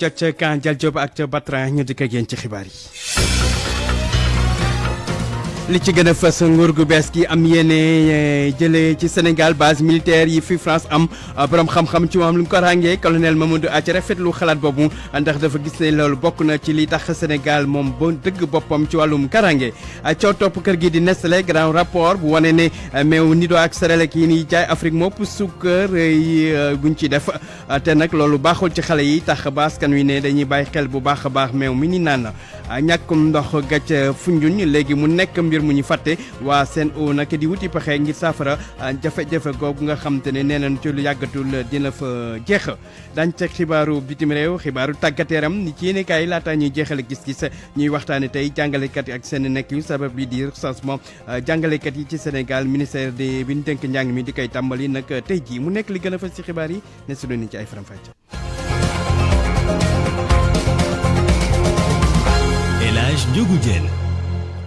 ca ca Kànjal Diop ak ca Batra ñu dikk ak ci xibaar yi. li ci gën fas fës nguur gu bees gi am yéene eh, jëlee ci Sénégal base militaire yi fi France am eh, boroom xam-xam ci moom lu mu ko ràngee colonel Mamadou Athie rafetlu xalaat boobu ndax dafa gis ne loolu bokk na ci li tax senegal moom ba dëgg boppam ci wàllum karange eh, coo topp kër gi di Nestlé grand rapport bu wane ne meew nido ak serelek yi ni jaay Afrique mopp sukkër yi buñ ci def te nag loolu baaxul ci xale yi tax baas kan wi ne dañuy bàyyi xel bu baax a baax meew mi ni naan ñàkkum mbir mu ñu fàtte waa SEN'EAU nag di wuti pexe ngir saafara jafe-jafe googu nga xam ne nee nañ ci lu yàggatul dina fa jeex dañ xibaaru bitim réew xibaaru tàggateeram ni ci yéene laataa ñuy jeexale gis ci sa ñuy waxtaane tey jàngalekat yi ak seen nekk yu sabab bi di recensement euh, jàngalekat yi ci Sénégal ministère de bi ñu dénk njàng mi di koy tàmbali nag tey jii mu nekk li gën fa ci xibaar yi ne su ni ci ay faram-fàcce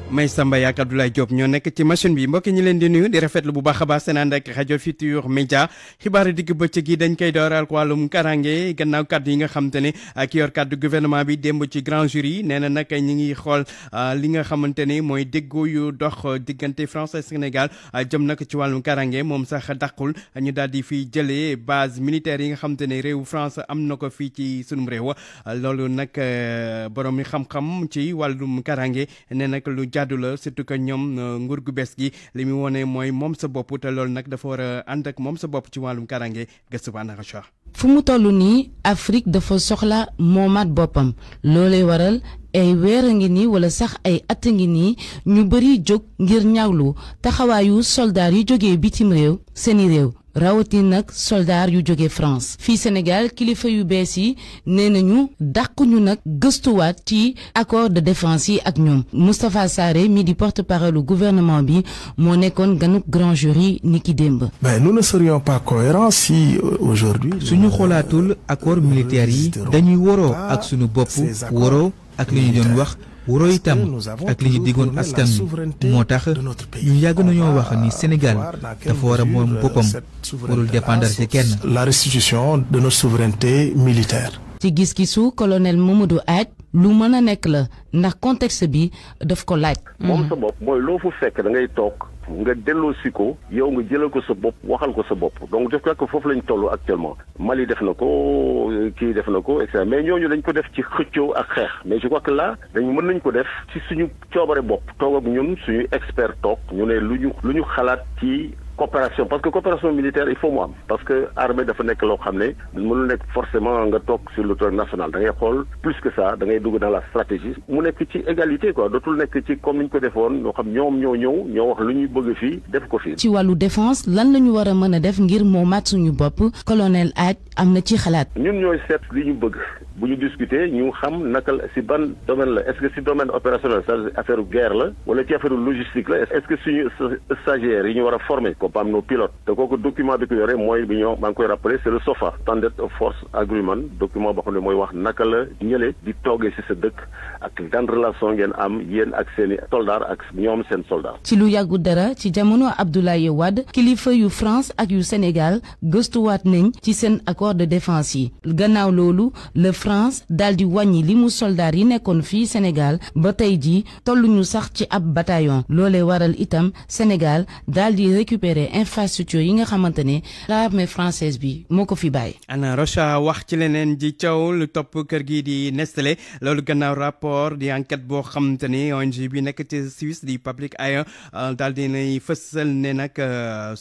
Maysa Mbaye ak Abdoulaye Diop ñoo nekk ci machine bi mbokki ñi leen di nuyu di rafetlu bu baax a baax seen ànd ak rajo Futurs Médias xibaaru digg bëccëg yi dañ koy dooral ko wàllum karange gannaaw kàddu yi nga xam te ne ki yor kàddu gouvernement bi démb ci grand jury nee na nag ñi ngi xool ah, li nga xamante ni mooy déggoo yu dox diggante France Sénégal ah, jëm nag ci wàllum karange moom sax dàqul ñu daal di fi jëlee base militaire yi nga xam te ne réew France am na ko fii ci sunum réew loolu nag eh, borom mi xam ci wàllum jaadu la surtout que ñoom euh, nguur gu bees gi li mu wone mooy moom sa bopp te nag dafa war a ànd ak moom sa bopp ci wàllum karange gëstu ba ANACIM. fu mu toll nii Afrique dafa soxla moomaat boppam loolay waral ay weer a ngi nii wala sax ay at a ngi nii ñu bëri jóg ngir ñaglu taxawaayu soldaar yi jógee bitim réew seeni réew. rawatin nak soldat yu jóge France Fi Sénégal kilifa yu bees yi nee nak dàquñu accord de défense yi ak ñoom Mustafa Sarré mi di porte-parole gouvernement bi moo nekkoon ganuk grand jury niki dembe. Ben nous ne serions pas cohérents si euh, aujourd'hui suñu xoolaatul accord militaire yi dañuy woro ak suñu bopp woro ak wuroo itam ak li ñu digoon askan wi moo tax ñu yàgg nañoo wax ni Sénégal dafa war a moom euh, boppam warul dépendre ci kenn. la restitution de notre souveraineté militaire. ci gis-gisu colonel Mamadou Ath. lu mën a nekk la ndax contexte bi daf ko laaj. moom mhm. sa bopp mooy loo fu fekk da ngay toog. nga delloo si ko yow nga jëlal ko sa bopp waxal ko sa bopp donc def ko foofu lañ toll actuellement Mali def na ko kii def na ko et cetera mais ñooñu dañ ko def ci xëccoo ak xeex mais je crois que là dañ mën nañ ko def ci suñu coobare bopp toog ak ñun suñu expert toog ñu ne lu ñu lu ñu xalaat ci. coopération parce que coopération militaire il faut moi parce que armée dafa nekk loo xam ne mënul forcément nga tok sur le terrain national da ngay xol plus que ça da ngay dugg dans la stratégie mu nek ci égalité quoi dootul nek ci comme ni ñu ko defoon ñoo xam ñom ñoo ñew ñoo wax lu ñuy bëgg fi def ko fi ci walu défense lan lañu wara mëna def ngir mat suñu bop colonel Hadj amna ci xalaat. ñun ñoy set li ñu bëgg bu ñu discuter ñu xam nakal ci ban domaine la est-ce que ci domaine opérationnel cest affaire guerre la wala ci affaire logistique la est-ce que suñu stagiaire yi ñu wara a former PAM no pilote te kooku document bi ko yore moy bi ñoo maa koy rappeler c'est le SOFA Standard of Force Agreement document boo xam ne wax naka la ñële di togué ci sa dëkk ak yan relation ngeen am yeen ak seen soldat ak ñoom seen soldat ci lu yagu dara ci jamono Abdoulaye wad kilifa yu France ak yu Sénégal wat nañ ci seen accord de défense yi gannaaw lolu le France dal di wañi limu soldat yi nekkoon fi Sénégal ba tay ji tollu ñu sax ci ab bataillon lolé waral itam Sénégal dal di récupérer récupérer infrastructure yi nga xamante ne l'armée bi moo ko fi bàyyi. Anna Rocha wax ci leneen ji coow lu topp kër gii di nestale loolu gannaaw rapport di enquête boo xamante ni ONG bi nekk ci Suisse di Public Eye euh, daal di nay fësal ne nag euh,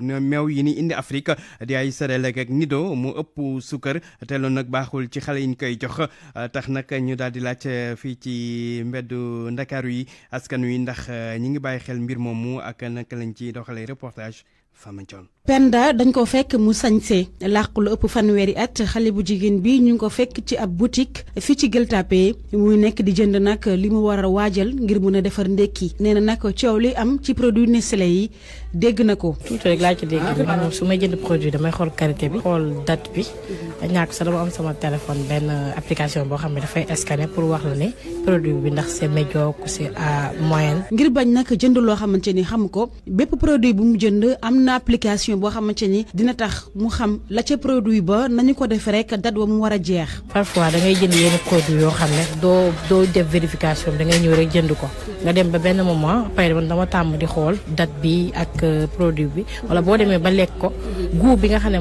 meew yi ni indi Afrique di ay céréales ak nido mu ëpp sukkar te loolu nag baaxul ci xale yi ñu koy jox euh, tax nag ñu daal di laaj fii ci mbeddu ndakaaru yi askan wi ndax ñi ngi bàyyi xel mbir moomu ak naka lañ ci doxalee rëpp reportage Fama Thion Penda dañ ko fekk mu sañse làq lu ëpp fanweeri at xale bu jigéen bi ñu ngi ko fekk ci ab boutique fii ci Gueule-Tapée muy nekk di jënd nag li mu war a waajal ngir mun a defar ndékki nee na nag coow li am ci produit Nestlé yi dégg na ko. tuuti rek laa ci ah, su may jënd produit damay xool quarité bi. xool date bi. Mhm. ñàkk sa dama am sama téléphone benn euh, application boo xam ne dafay scanner pour wax la ne produit bi ndax c'est médiocre c'est à moyenne. ngir bañ nag jënd loo xamante ni xam ko bépp produit bu mu jënd am na information boo xamante ni dina tax mu xam la ca produit ba nañu ko def rek date wa mu war jeex. parfois da ngay jënd yenn produit yoo xam ne doo def vérification da ngay ñëw rek jënd ko nga dem ba benn moment après man dama tàmm di xool dat bi ak euh, produit bi wala boo demee ba lekk ko goût bi nga xam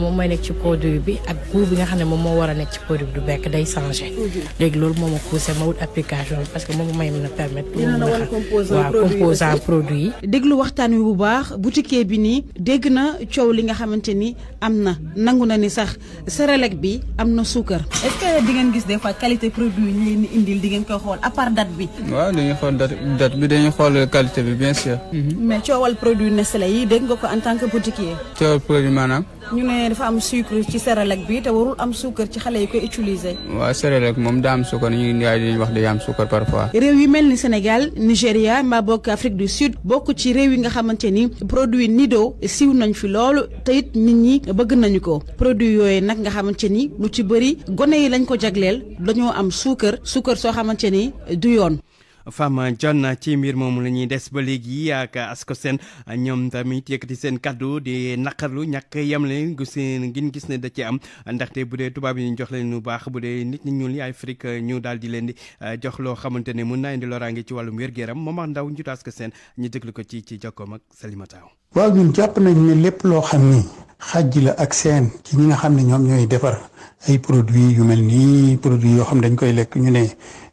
ci produit bi ak goût bi nga xam ne moom moo war ci produit bi du bekk day changé. léegi loolu moo ma ma wut application parce que moom may mën permettre. dina la composant produit déglu bu baax bi dégg na coow li nga xamante ni am na nangu na ni sax Sénélec bi am na suukar. est-ce que di ngeen gis des bi. waaw dañuy xool date date bi dañuy xool qualité bi bien sûr. Mhm. nga ko en tant que boutiquier. coowal produit maanaam. ñu ne dafa am sucre ci suukar ci yi koy ñu ngi dañuy wax day am suukar parfois. réew yu mel ni Sénégal Nigéria mbaa bokk Afrique du Sud bokk ci réew yi nga xamante ni produit Nido siiw nañ fi lool. loolu te it nit ñi bëgg nañu ko produit yooyu nag nga xamante ni lu ci bëri gone yi lañ ko jagleel dañoo am suukar suukar soo xamante ni du yoon Fama John ci mbir moomu la ñuy des ba léegi ak Ascosen ñoom tamit yëkkati seen kaddu di naqarlu ñàkk yemle gu gis ne da ci am ndaxte bu dee tubaab yi ñu jox leen lu baax bu dee nit ñi ñuul yi Afrique ñu daal di leen di euh, jox loo xamante ne mun naa indi loraange ci wàllum wér-gu-yaram moom ak ndaw njiitu Ascosen ñu déglu ko ci ci jokkoom ak Salimata waaw ñun jàpp nañ ne lépp loo xam ni xajji la ak seen ci ñi nga xam ne ñoom ñooy defar ay produits yu mel nii produits yoo xam dañ koy lekk ñu ne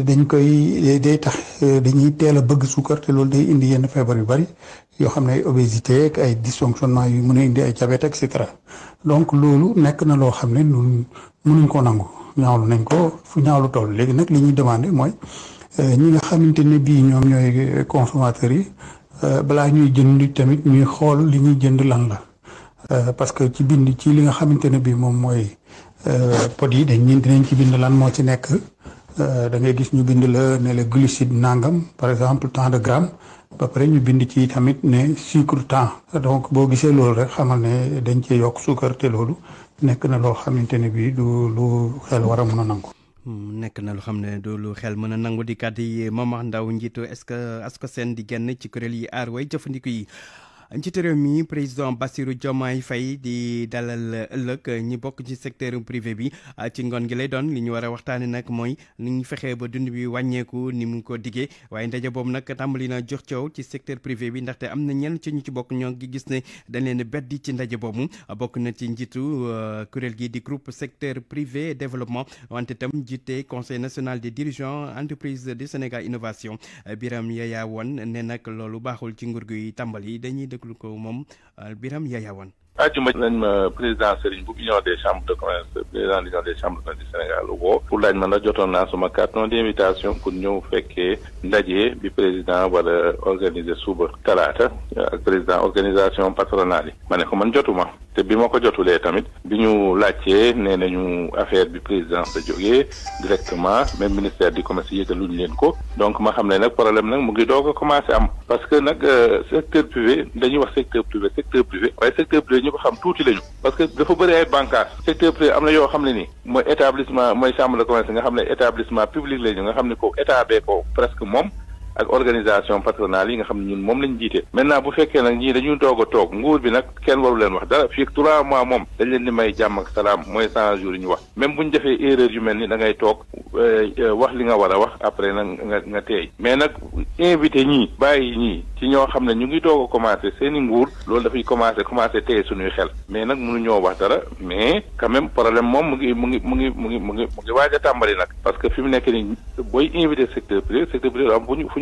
dañ koy day tax euh, dañuy teel a bëgg suukar te loolu day indi yenn feebar yu bari yoo xam ne ay obésité ak ay yu mun a indi ay diabète et donc loolu nekk na loo xam ne ñun mënuñ ko nangu ñaawlu nañ ko fu ñaawlu tool léegi nag li ñuy demandé mooy euh, ñi nga xamante ne bii ñoom ñooy consommateurs yi euh, balaa ñuy jënd tamit ñuy xool li ñuy jënd lan la parce que ci bind ci li nga xamante ne bii moom mooy pot yi dañ ñun nañ ci bind lan moo ci nekk. Euh, da ngay gis ñu bind la ne la glucide nangam par exemple temps de gramme ba pare ñu bind ci tamit ne sucre temps donc boo gisee loolu rek xamal ne dañ cee yokk suukar te loolu nekk na loo xamante ne bii du lu xel war a mën a nangu. Hmm, nekk na lu xam ne du lu xel mën a nangu di kàddu yi Momar Ndao njiitu est-ce que est-ce que seen di génn ci kuréel yi aar way jëfandiku yi. njiit réew mi président Bassirou Diomaye Faye di dalal ëllëg ñi bokk ci secteur privé bi ah, ci ngon gi lay doon li ñu war a waxtaanee nag mooy ni ñu fexee ba dund bi wàññeeku ni mu ko diggee waaye ndaje boobu nag tàmbali jox ci secteur privé bi ndaxte am na ñenn ci ñu ci bokk ñoo ngi gis ne dañ leen beddi ci ndaje boobu ah, bokk na ci ah, gi di groupe secteur privé développement wante tam conseil national des dirigeants entreprise de Sénégal innovation biram Yaya Wane ne nag loolu baaxul ci nguur déglu ko moom Birame Yaya ajuma lañ le président Serigne bu union des chambres de commerce président l'union des chambres de commerce du Sénégal woo pour laaj ma na jotoon naa suma carton d'invitation pour ñëw que ndaje bi président wala organiser le talaata euh, ak président organisation patronale yi ma ne ko man jotuma te bi ma ko jotulee tamit bi ñu laajtee nañu affaire bi présidence la jógee directement même ministère du commerce et de ko donc ma xam ne problème nag mu ngi doog commencé am parce que nag euh, secteur privé dañuy wax secteur privé secteur privé waaye secteur privé ñu ko xam tuuti lañu parce que dafa bëri ay bànqaas secteur privé am na yoo xam ne ni mooy établissement mooy chambre de commerce nga xam ne établissement public lañu nga xam ne ko état bee ko presque moom ak organisation patronale yi nga xam ne ñun moom lañ jiite maintenant bu fekkee nag ñii dañuy toog a toog nguur bi nag kenn waru leen wax dara fii trois mois moom dañ leen di may jàmm ak salaam mooy cent jours yi ñu wax même bu ñu defee erreur yu mel ni da ngay toog euh, euh, wax li nga war a wax après nag nga nga teey mais nag invité ñii bàyyi ñii ci ñoo xam ne ñu ngi doog a commencé seen i nguur loolu dafay commencé commencé tey suñuy xel mais nag mënu ñoo wax dara mais quand même problème moom mu ngi mu ngi mu ngi mu ngi mu ngi mu ngi waaj a tàmbali nag parce que fi mu nekk nii booy invité secteur privé secteur privé am fu ñu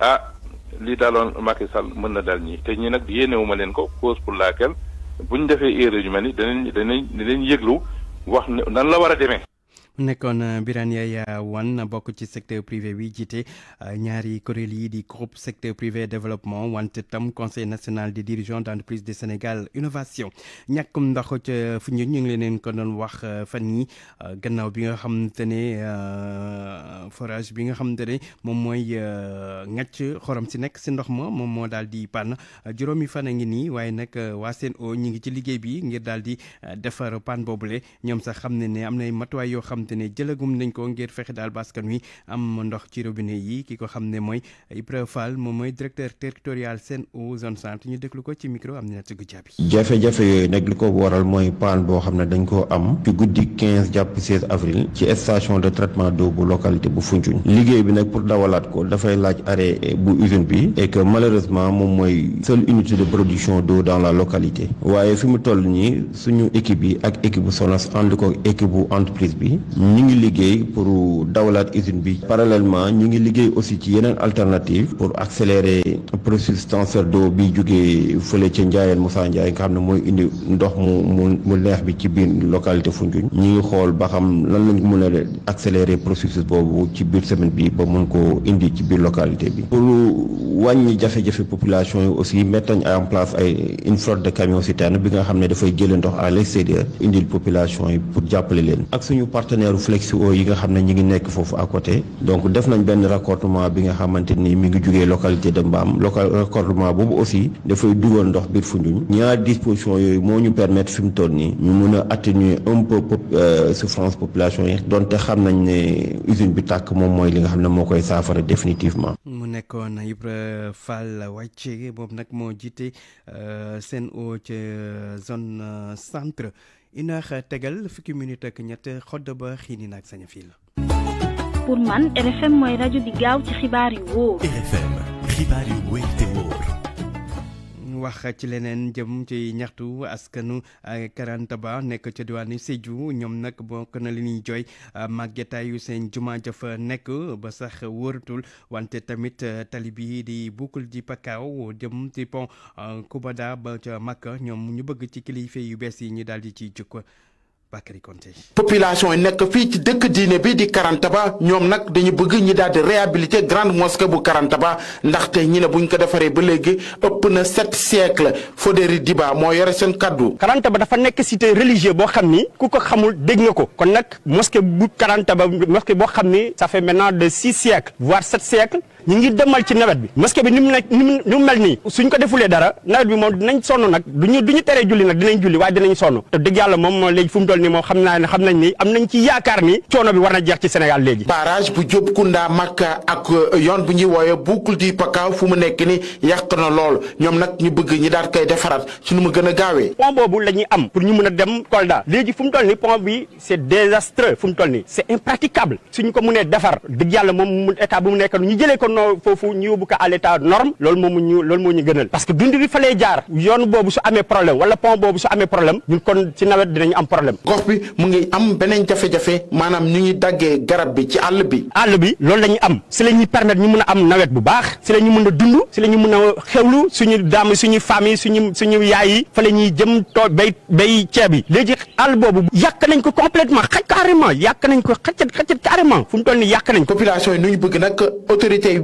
ah li daloon Macky sal mën na dal ñii te ñi nag yéenewuma leen ko cause pour laquelle bu ñu defee erreur yu mel ni danañ danañ danañ yëglu wax nan la war a demee. nekkoon euh, Birane Yaya bokk ci secteur privé wi jiite euh, ñaari kuréel yi di groupe secteur privé développement wante tam conseil national des dirigeants d'entreprise de Sénégal innovation ñàkkum ndox ca fu ñu ñu ngi leen ko doon wax euh, fan gannaaw bi nga ne forage bi nga xamante ne moom mooy ngàcc xorom si nekk si ndox ma moom moo daal di pann juróomi fan a ngi nii waaye nag ngi ci liggéey bi ngir daal di defar panne boobule ñoom sax xam ne ne am nay xam xamante ne jëlagum nañ koo ngir fexe daal baskan mi am ma ndox ci robinet yi ki ko xam ne mooy Ibrahima Fall moom mooy directeur territorial Sen'Eau zone centre ñu déglu ko ci micro am na tëgg jaabi. jafe yooyu nag li ko waral mooy panne boo xam ne dañ koo am guddi 15 jàpp 16 avril ci station de traitement d'eau bu localité bu Foundiougne liggéey bi nag pour dawalaat ko dafay laaj arrêt bu usine bi et malheureusement moom mooy seule unité de production d'eau dans la localité waaye fi mu toll nii suñu équipe yi ak équipe bu Sonas ànd ko équipe bu entreprise bi ñu ngi liggéey pour dawalaat usine bi parallèlement ñu ngi liggéey aussi ci yeneen alternative pour accélérer processus transfert d'eau bi jógee fële ca Ndiayeen Moussa Ndiaye nga xam ne mooy indi ndox mu mu neex bi ci biir localité Foundiougne ñu ngi xool ba xam lan lañ mën a accélérer processus boobu ci biir semaine bi ba mën ko indi ci biir localité bi pour wàññi jafe-jafe population yi aussi mettre nañ en place ay une flotte de camions citernes bi nga xam ne dafay jëlee ndox à l'extérieur indil population yi pour jàppale leen conteneur flexi-eau yi nga xam ne ñu ngi nekk foofu à côté donc def nañ benn raccordement bi nga xamante ni mi ngi jugee localité de Mbam local raccordement boobu aussi dafay dugal ndox biir Foundiougne ñaar disposition yooyu moo ñu permettre fi mu toll nii ñu mun a atténuer un peu euh, souffrance population yi donte xam nañ ne usine bi tàkk moom mooy li nga xam ne moo koy saafara définitivement. mu nekk na nekkoon Ibra Fall wàcce boobu nag moo jiite seen euh, Sen'Eau ca euh, zone centre. inaax tegal fukki minute ak ñett xodd ba xiini naag sañ a fil pour man RFM mooy rajo di gaaw ci xibaar yu wóor. RFM xibaar yu wóor te wóor. wax ci leneen jëm ci ñaxtu askanu Karantaba nekk ca diwaanu Sédhiou ñoom nag bokk na li ñuy jooy ah, màggetaayu seen juma jafa nekk ba sax wóoratul wante tamit ah, tali bi di bukkul ji pakaaw jëm ci pont ah, Kubada ba ca Makka ñoom ñu bëgg ci kilifa yu bees yi ñu daal di ciy jukk Bakary Konté population yi nekk fii ci dëkk diine bi di Karantaba ñom nak dañu bëgg ñi daal di réhabiliter grande mosquée bu Karantaba ndaxte ñi ne buñ ko défaré ba léegi ëpp na sept siècle Fodéri Diba moo yore seen kaddu. Karantaba dafa nek cité religieux bo xamni ku ko xamul dégg nga ko kon nak mosquée bu Karantaba mosquée bo xamni ça fait maintenant de 6 siècles voire 7 siècles ñu ngi demal ci nawet bi mosquée bi ni mu nekk ni mu mel nii suñ ko defulee dara nawet bi moom dinañ sonn nag duñu duñu teree julli nag dinañ julli waaye dinañ sonn te dëgg yàlla moom moom léegi fu mu toll nii moom ne xam nañ ni am nañ ci yaakaar ni coono bi war na jeex ci Sénégal léegi barrage bu Diobkounda Makka ak euh, yoon bu ñuy wooye boucle du Pakao fu mu nekk ni yàq na lool ñoom nag ñu bëgg ñi daal koy defaraat suñu mu gën a gaawee pont la am pour ñu mën a dem Kolda léegi fu mu toll bi c'est désastreux fu mu toll nii c'est impraticable suñu ko mënee defar dëgg yàlla moom état bu ñu jëlee ko mënoon foofu ñu yóbbu ko à l'état norme loolu moom ñu loolu moo ñu gënal parce que dund bi fa lay jaar yoon boobu su amee problème wala pont boobu su amee problème ñun kon ci nawet dinañu am problème gox bi mu ngi am beneen jafe-jafe maanaam ñu ngi daggee garab bi ci àll bi àll bi loolu la ñuy am si la ñuy permettre ñu mën a am nawet bu baax si la ñu mën a dund si la ñu mën a xewlu ñu daam suñu famille suñu suñu yaay yi fa la ñuy jëm too bay bay ceeb yi léegi àll boobu yàq nañ ko complètement xaj carrément yàq nañ ko xacat xacat carrément fu mu toll ni yàq nañ population yi nu ñu bëgg nag autorité yi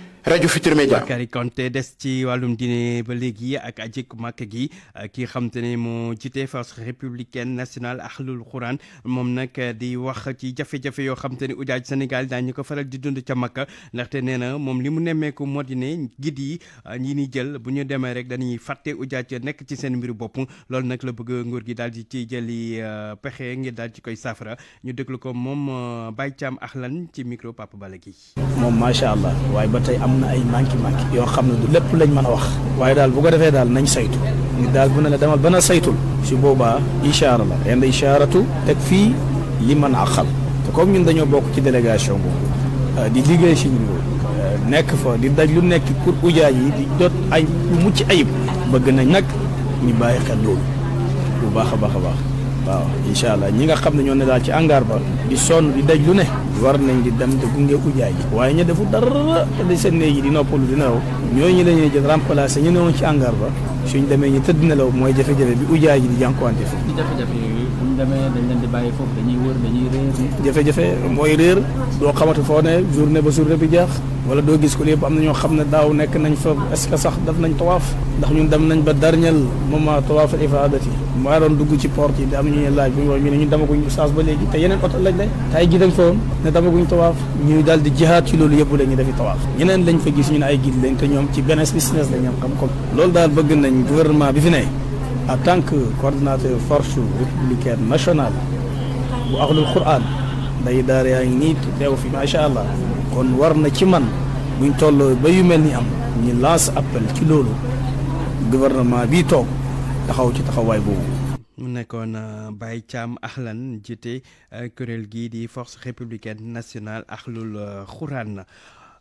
rajo Futur Media Bakary Konte des ci wàllum diine ba léegi ak ajik màkk gi ki xam te ne moo jiite force républicaine nationale ahlul quran moom nag di wax ci jafe-jafe yoo xam te ne ujaaj Sénégal daañu ko faral di dund ca makka ndaxte nee na moom li mu nemmeeku moo di ne gid yi ñi ni jël bu ñu demee rek dañuy fàtte ujaaj nekk ci seen mbiru bopp loolu nag la bëgg nguur gi daal di ci jëli euh, pexe ngir daal ci koy saafara ñu déglu ko moom euh, Baye Thiam Ahlan ci micro Papa Bala gi mun na ay manqué manqué yoo xam ne du lépp lañ mën a wax waaye daal bu ko defee daal nañ saytu nit daal bu ne la demal ba na saytul si boobaa ishaara la yenn ishaaratu teg fii li a aqal te kook ñun dañoo bokk ci délégation boobu euh, di liggéey si ñun euh, nekk fa di daj lu nekk pour ujaay yi di jot ay lu mucc ayib bëgg nañ nag ñu bàyyi xel loolu bu baax a baax a baax waaw incha allah ñi nga xam ne ñoo ne daal ci angaar ba di sonn di daj lu ne war nañ di dem te gunge ujaay ji waaye ña deful dara te di seen néeg yi di noppalu di nelaw ñooñu la ñuy jël remplacé ñu newoon ci angaar ba suñ demee ñu tëdd nelaw mooy jafe-jafe bi ujaay ji di jànkuwante fi demee dañ leen di bàyyi foofu dañuy wër dañuy réer. jafe-jafe mooy réer doo xamatu foo ne journée ba journée bi jeex wala doo gis ko lépp am na ñoo xam ne daaw nekk nañ fa est-ce que sax daf nañ tawaaf ndax ñun dem nañ ba dernier moment tawaaf ifadati maa doon dugg ci port yi am ñu laaj bu ñu wax ñu ne ñun demaguñ saas ba léegi te yeneen oto lañ ne tay gi dañ fa woon ne demaguñ tawaaf ñuy daal di jihaat ci loolu yëpp la ñu defi tawaaf ñeneen lañ fa gis ñu ne ay guide lañ te ñoom ci benn business lañ am xam-xam loolu daal bëgg nañ gouvernement bi fi ne en tant que coordinateur force républicaine nationale bu akhlul quran day dar ya ngi nit teew fi ma sha allah kon war na ci man buñ tollo ba yu melni am ni lance appel ci lolu gouvernement bi tok taxaw ci taxaway boobu mu nekkoon bay Thiam Ahlan jite kurel gi di force républicaine nationale ahlul quran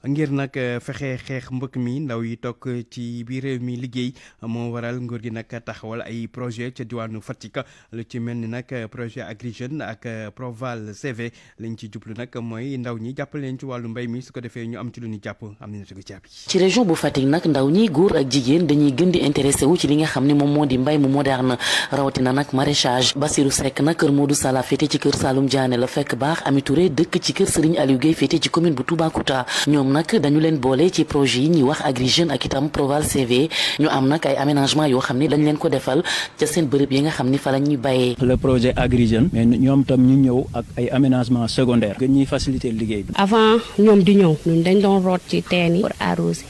ngir nag eh, fexe xeex mbëkk mi ndaw yi toog ci biir réew mi liggéey moo waral nguur gi nag taxawal ay projet ci diwaanu Fatick lu ci mel ni nag eh, projet Agri Jeunes ak eh, Proval CV lañ ci jublu nag mooy ndaw ñi jàppale leen ci wàllu mi su ko defee ñu am ci lu jàpp am nañu suñu jàpp région bu Fatick nag ndaw ñi góor ak jigéen dañuy gën di intéressé wu ci li nga xam ne moom moo di mbay mu moderne rawatina nag maraîchage Basirou Seck nag kër Modou Sala féete ci kër saalum Diané la fekk baax Ami Touré dëkk ci kër Serigne Aliou Guèye féete ci commune bu Toubacouta ñoom ñoom nag dañu leen boole ci projet yi ñuy wax Agri Jeunes ak itam Proval CV ñu am nag ay aménagement yoo xam ni dañ leen ko defal ca seen bërëb yi nga xam ni fa la ñuy bayee. le projet Agri Jeunes mais ñoom tam ñu ñëw ak ay aménagement secondaire gën ñuy faciliter liggéey bi. avant ñoom di ñëw ñun dañ doon root ci teen pour arroser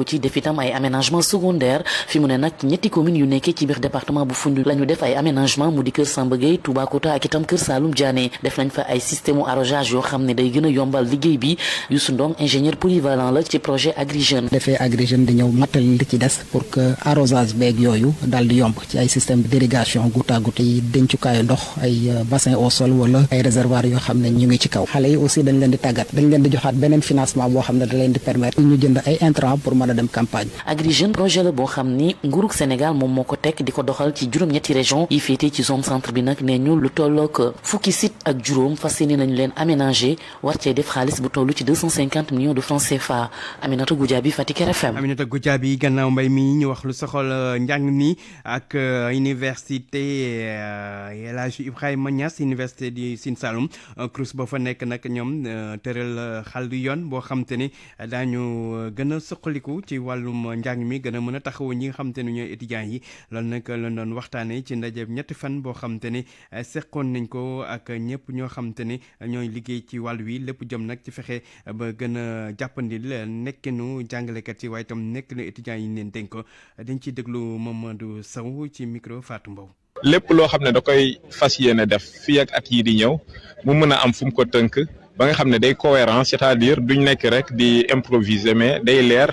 sàkku ci def itam ay aménagement secondaire fi mu ne nag ñetti commune yu nekkee ci biir département bu Foundiougne la def ay aménagement mu di kër Samba Gueye Toubacouta ak itam kër Saloum Diané def nañ fa ay système arrosage yoo xam ne day gën a yombal liggéey bi Youssou Ndong ingénieur polyvalent la ci projet Agri defee Agri di ñëw mattal li ci des pour que arrosage beeg yooyu daal di yomb ci ay système d'irrigation goutte à goutte yi dencukaayu ndox euh, da leen di permettre Agrijen dem campagne. Agri projet la boo xam Sénégal mon moo ko doxal ci juróom-ñetti région yi fété ci zone centre bi Nenu nee ñu lu tollook fukki site ak juróom leen aménager war ci def xaliss bu tollu ci deux millions de francs CFA Aminata Goujabi Fatick RFM. Aminata Goudiaby gannaaw mbay mi ñu wax lu euh, ni ak euh, université euh, El Ibrahim Ibrahima Niass université du Sine Saloum CROUS ba fa nek nak ñom xal du ni taxaw ci wàllum njàng mi gën a mën a taxaw ñi nga xam te ne ñooy étudiants yi loolu nag lañ doon waxtaanee ci ndaje ñetti fan boo xam te ne eh, seqoon nañ ko ak ñëpp ñoo xam te ne ñooy liggéey ci wàll wi lépp jëm nag ci fexe ba gën a jàppandi jàppandil nekkinu jàngalekat yi waaye nekk nekkinu étudiants yi leen dénk ko dañ ciy déglu Mamadou Sow ci micro Fatou Mbow. lépp loo xam ne da koy fas yéene def fii ak at yii di ñëw mu mën a am fu mu ko tënk ba nga xam ne day cohérent c'est-à-dire duñ nekk rek di improviser mais day leer.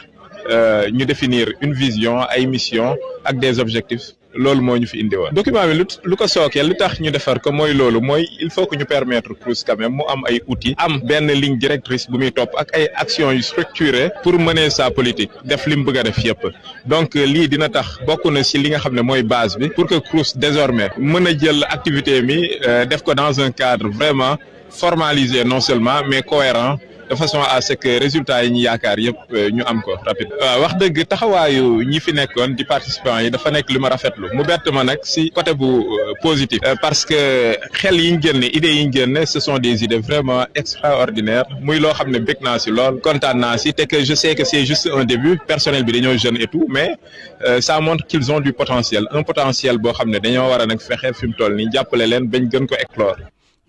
Euh, ñu définir une vision ay mission ak des objectifs C'est ce que fi indi woon document bi lu ko sookee lu tax ñu defar ko mooy loolu mooy il faut que ñu permettre CROUS quand même mu am ay outils am benn ligne directrice bu muy topp ak ay actions structurées pour mener sa politique def lim bëgg a def yépp donc euh, lii dina tax bokk na si li nga xam ne base bi pour que CROUS désormais mën a jël activité mi euh, def ko dans un cadre vraiment formalisé non seulement mais cohérent de façon à ce que résultat yi ñu yaakar yépp euh, ñu am ko rapide. Euh, wax dëgg taxawaayu ñi fi nekkoon di participants yi dafa nekk lu ma rafetlu mu bett ma nag si côté bu euh, positif. parce que xel yi ñu génne idée yi ñu génne ce sont des idées vraiment extraordinaires muy loo xam ne bég naa si lool kontaan naa si te que je sais que c' est juste un début personnel bi dañoo jeune et tout mais ça montre qu' ils ont du potentiel un potentiel boo xam ne dañoo war a nag fexe fi mu toll ni jàppale leen bañ gën ko éclore.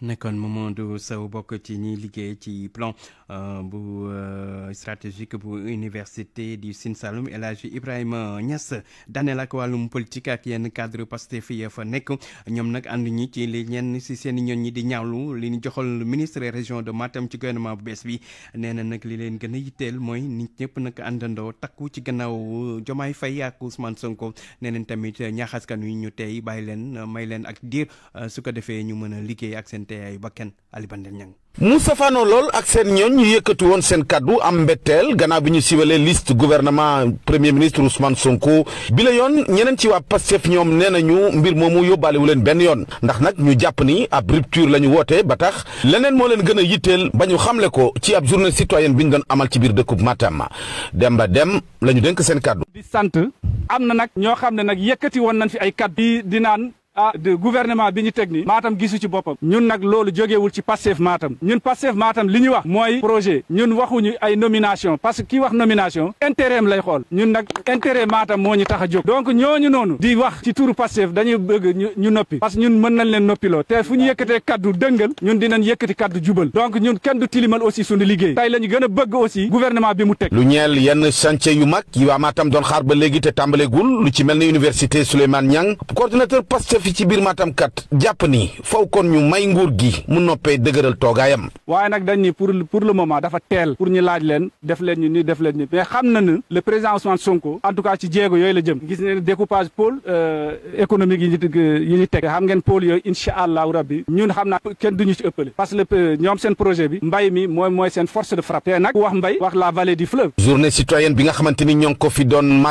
nekkoon Mamadou saw bokk ci ñi liggéey ci plan. Euh, bu euh, stratégique bu université du Sine Saloum El Hadji Ibrahima Niass daaneel ak wàllum politique ak yenn cadre Pastef ya fa nekk ñoom nag ànd ñi ci li ñenn si seen ñoon ñi di ñaawlu li ñu joxal ministre région de Matam ci gouvernement bu bees bi neena na nag li leen gën a yitteel mooy nit ñëpp nag àndandoo takku ci gannaaw Jomaay euh, Faye ak Ousmane Sonko nee nañ tamit ñaaxaskan wi ñu tey bàyyi leen may leen ak diir su ko defee ñu mën a liggéey ak seen teeyaayu bakkan Ali Bandel mu safaanoo lool ak seen ñooñ ñu yëkkati woon seen kàddu am mbetteel gannaaw bi ñu siwalee liste gouvernement premier ministre Ousmane Sonko bi la yoon ñeneen ci waa Pastef ñoom nee nañu mbir moomu yóbbaale wu leen benn yoon ndax nag ñu jàpp ni ab rupture la ñu woote ba tax leneen moo leen gën a yitteel ba ñu xamle ko ci ab journée citoyenne bi ñu doon amal ci biir dëkkub Matam Demba Dem la ñu dénk seen kaddu di sant am na nag ñoo xam ne nag yëkkati woon nañ fi ay kàddu. di di naan Ah, de gouvernement biñu tek ni matam gisu ci bopam ñun lolu loolu wul ci Pastef matam ñun Pastef matam liñu wax moy projet ñun waxuñu ay nomination parce que ki wax nomination intérêt lay xol ñun nak intérêt matam moñu taxa jog donc ñoñu nonu di wax ci turu Pastef dañu bëgg ñu nopi parce que ñun mën nañ leen nopi lo té fuñu yëkkatee kaddu dëngal ñun dinañ yëkkati kaddu jubal donc ñun kenn du tilimal aussi suñu liggéey tay lañu gëna bëgg aussi gouvernement bi mu tek lu ñeel yenn chantier yu mag yi wa matam doon xaar ba té tambalé gul lu ci melni université Souleymane Niang coordinateur Pastef fi ci biir Matam kat jàpp ni faw kon ñu may nguur gi mu noppee dëgëral toogaayam. waaye nag dañ ni pour pour le moment dafa teel pour ñu laaj leen def leen ñu nii def ñu mais xam na ne le président Ousmane Sonko en ci jéego yooyu la jëm gis ne découpage pôle euh, économique yi ñu yi ñu teg xam ngeen pôle yooyu incha allahu rabbi ñun xam naa kenn duñu ci ëppale parce que ñoom seen projet bi mbay mi mooy mooy seen force de frappe te nag wax mbay wax la vallée du fleuve. journée ni ñoo ngi ko fi doon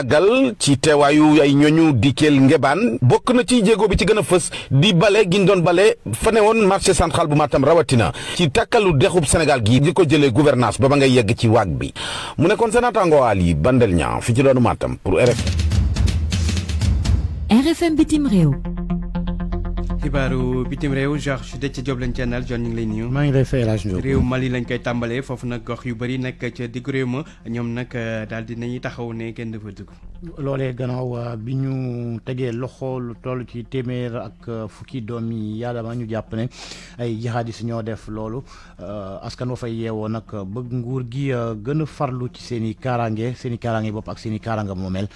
ci gën a fës di bale giñ doon bale fa ne woon marché central bu Matam rawatina ci takkalu dexub Sénégal gi di ko jëlee gouvernance ba ba ngay yegg ci waag bi mu nekkoon sa naataango yi Bandel ñaa fi ci doonu Matam pour RFM. RFM bitim réew. xibaaru bitim réew Georges Dëcc Diop lañ ci àndal John ñu ngi lay nuyu. maa ngi lay fay El Hadj Ndiop réew Mali lañ koy tàmbalee foofu nag gox yu bëri nag ca diggu réew ma ñoom nag euh, daal di nañuy taxaw ne kenn dafa dugg. loolee gannaaw euh, bi ñu tegee loxo lu toll ci téeméer ak euh, fukki doom yi yàlla ñu jàpp ne ay jihadis ñoo def loolu askan wa fa yeewoo nag bëgg nguur gi gën a farlu ci seen i kaaraange seen i kaaraange bopp ak seen i moo mel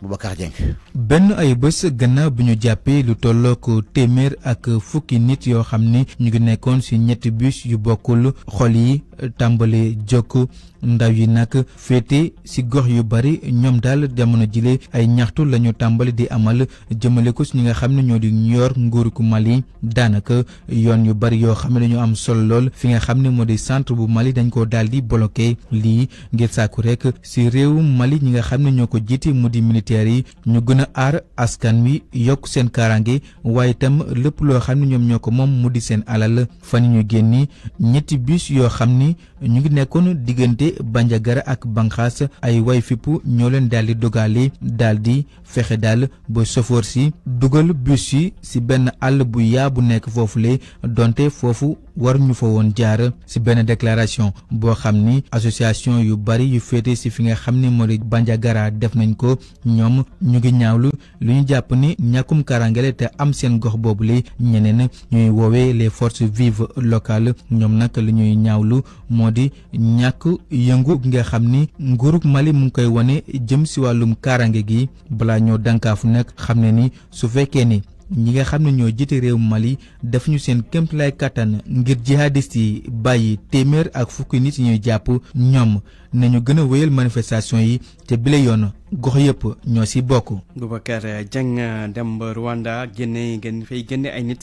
Boubacar Dieng. benn ay bés gannaaw bi ñu jàppee lu tollook téeméer ak fukki nit yoo xam ni ñu ngi nekkoon ci ñetti bus yu bokkul xol yi tàmbali jokk ndaw yi nag féete ci gox yu bari ñoom daal jamono jile ay ñaxtu la ñu tàmbali di amal jëmale ko ci ñi nga xam ne ñoo di yor nguur ku Mali daanaka yoon yu bari yoo xam ne dañu am solo lool fi nga xam ne moo di centre bu Mali dañ koo daal di bloqué lii ngir sàkku rek ci réew Mali ñi nga xam ne ñoo ko jiite mu di militaire sanitaire yi ñu gën a aar askan wi yokk seen kaaraange waaye tam lépp loo xam ne ñoom ñoo ko moom mu di seen alal fan ñu génni ñetti bis yoo xam ni ñu ngi nekkoon diggante Bandiagara ak Banxaas ay way fippu ñoo leen daal di dogale daal di fexe daal ba sofoor si dugal bus yi si benn àll bu yaa bu nekk foofule donte foofu waruñu fa woon jaar si benn déclaration boo xam ni association yu bari yu féete si fi nga xam ni moo di Bandiagara def nañ ko ñoom ñu ngi ñaawlu lu ñu jàpp ni ñàkkum karangele te am seen gox boobu li ñeneen ñuy woowee les force vives locales ñoom nag lu ñuy ñaawlu moo di ñàkk yëngu nga xam ni nguurug Mali mu ngi koy wane jëm si wàllum karange gi balaa ñoo dànkaafu nag xam ne ni su fekkee ni ñi nga xam ne ñoo jiite réew Mali def ñu seen kéemtalaay kàttan ngir jihadiste yi bàyyi téeméer ak fukki nit ñuy jàpp ñoom nañu gën a wéyal manifestation yi te bile yoon gox yëpp ñoo si bokk. Boubacar Dieng dem ba Rwanda génne ngeen fay génne ay nit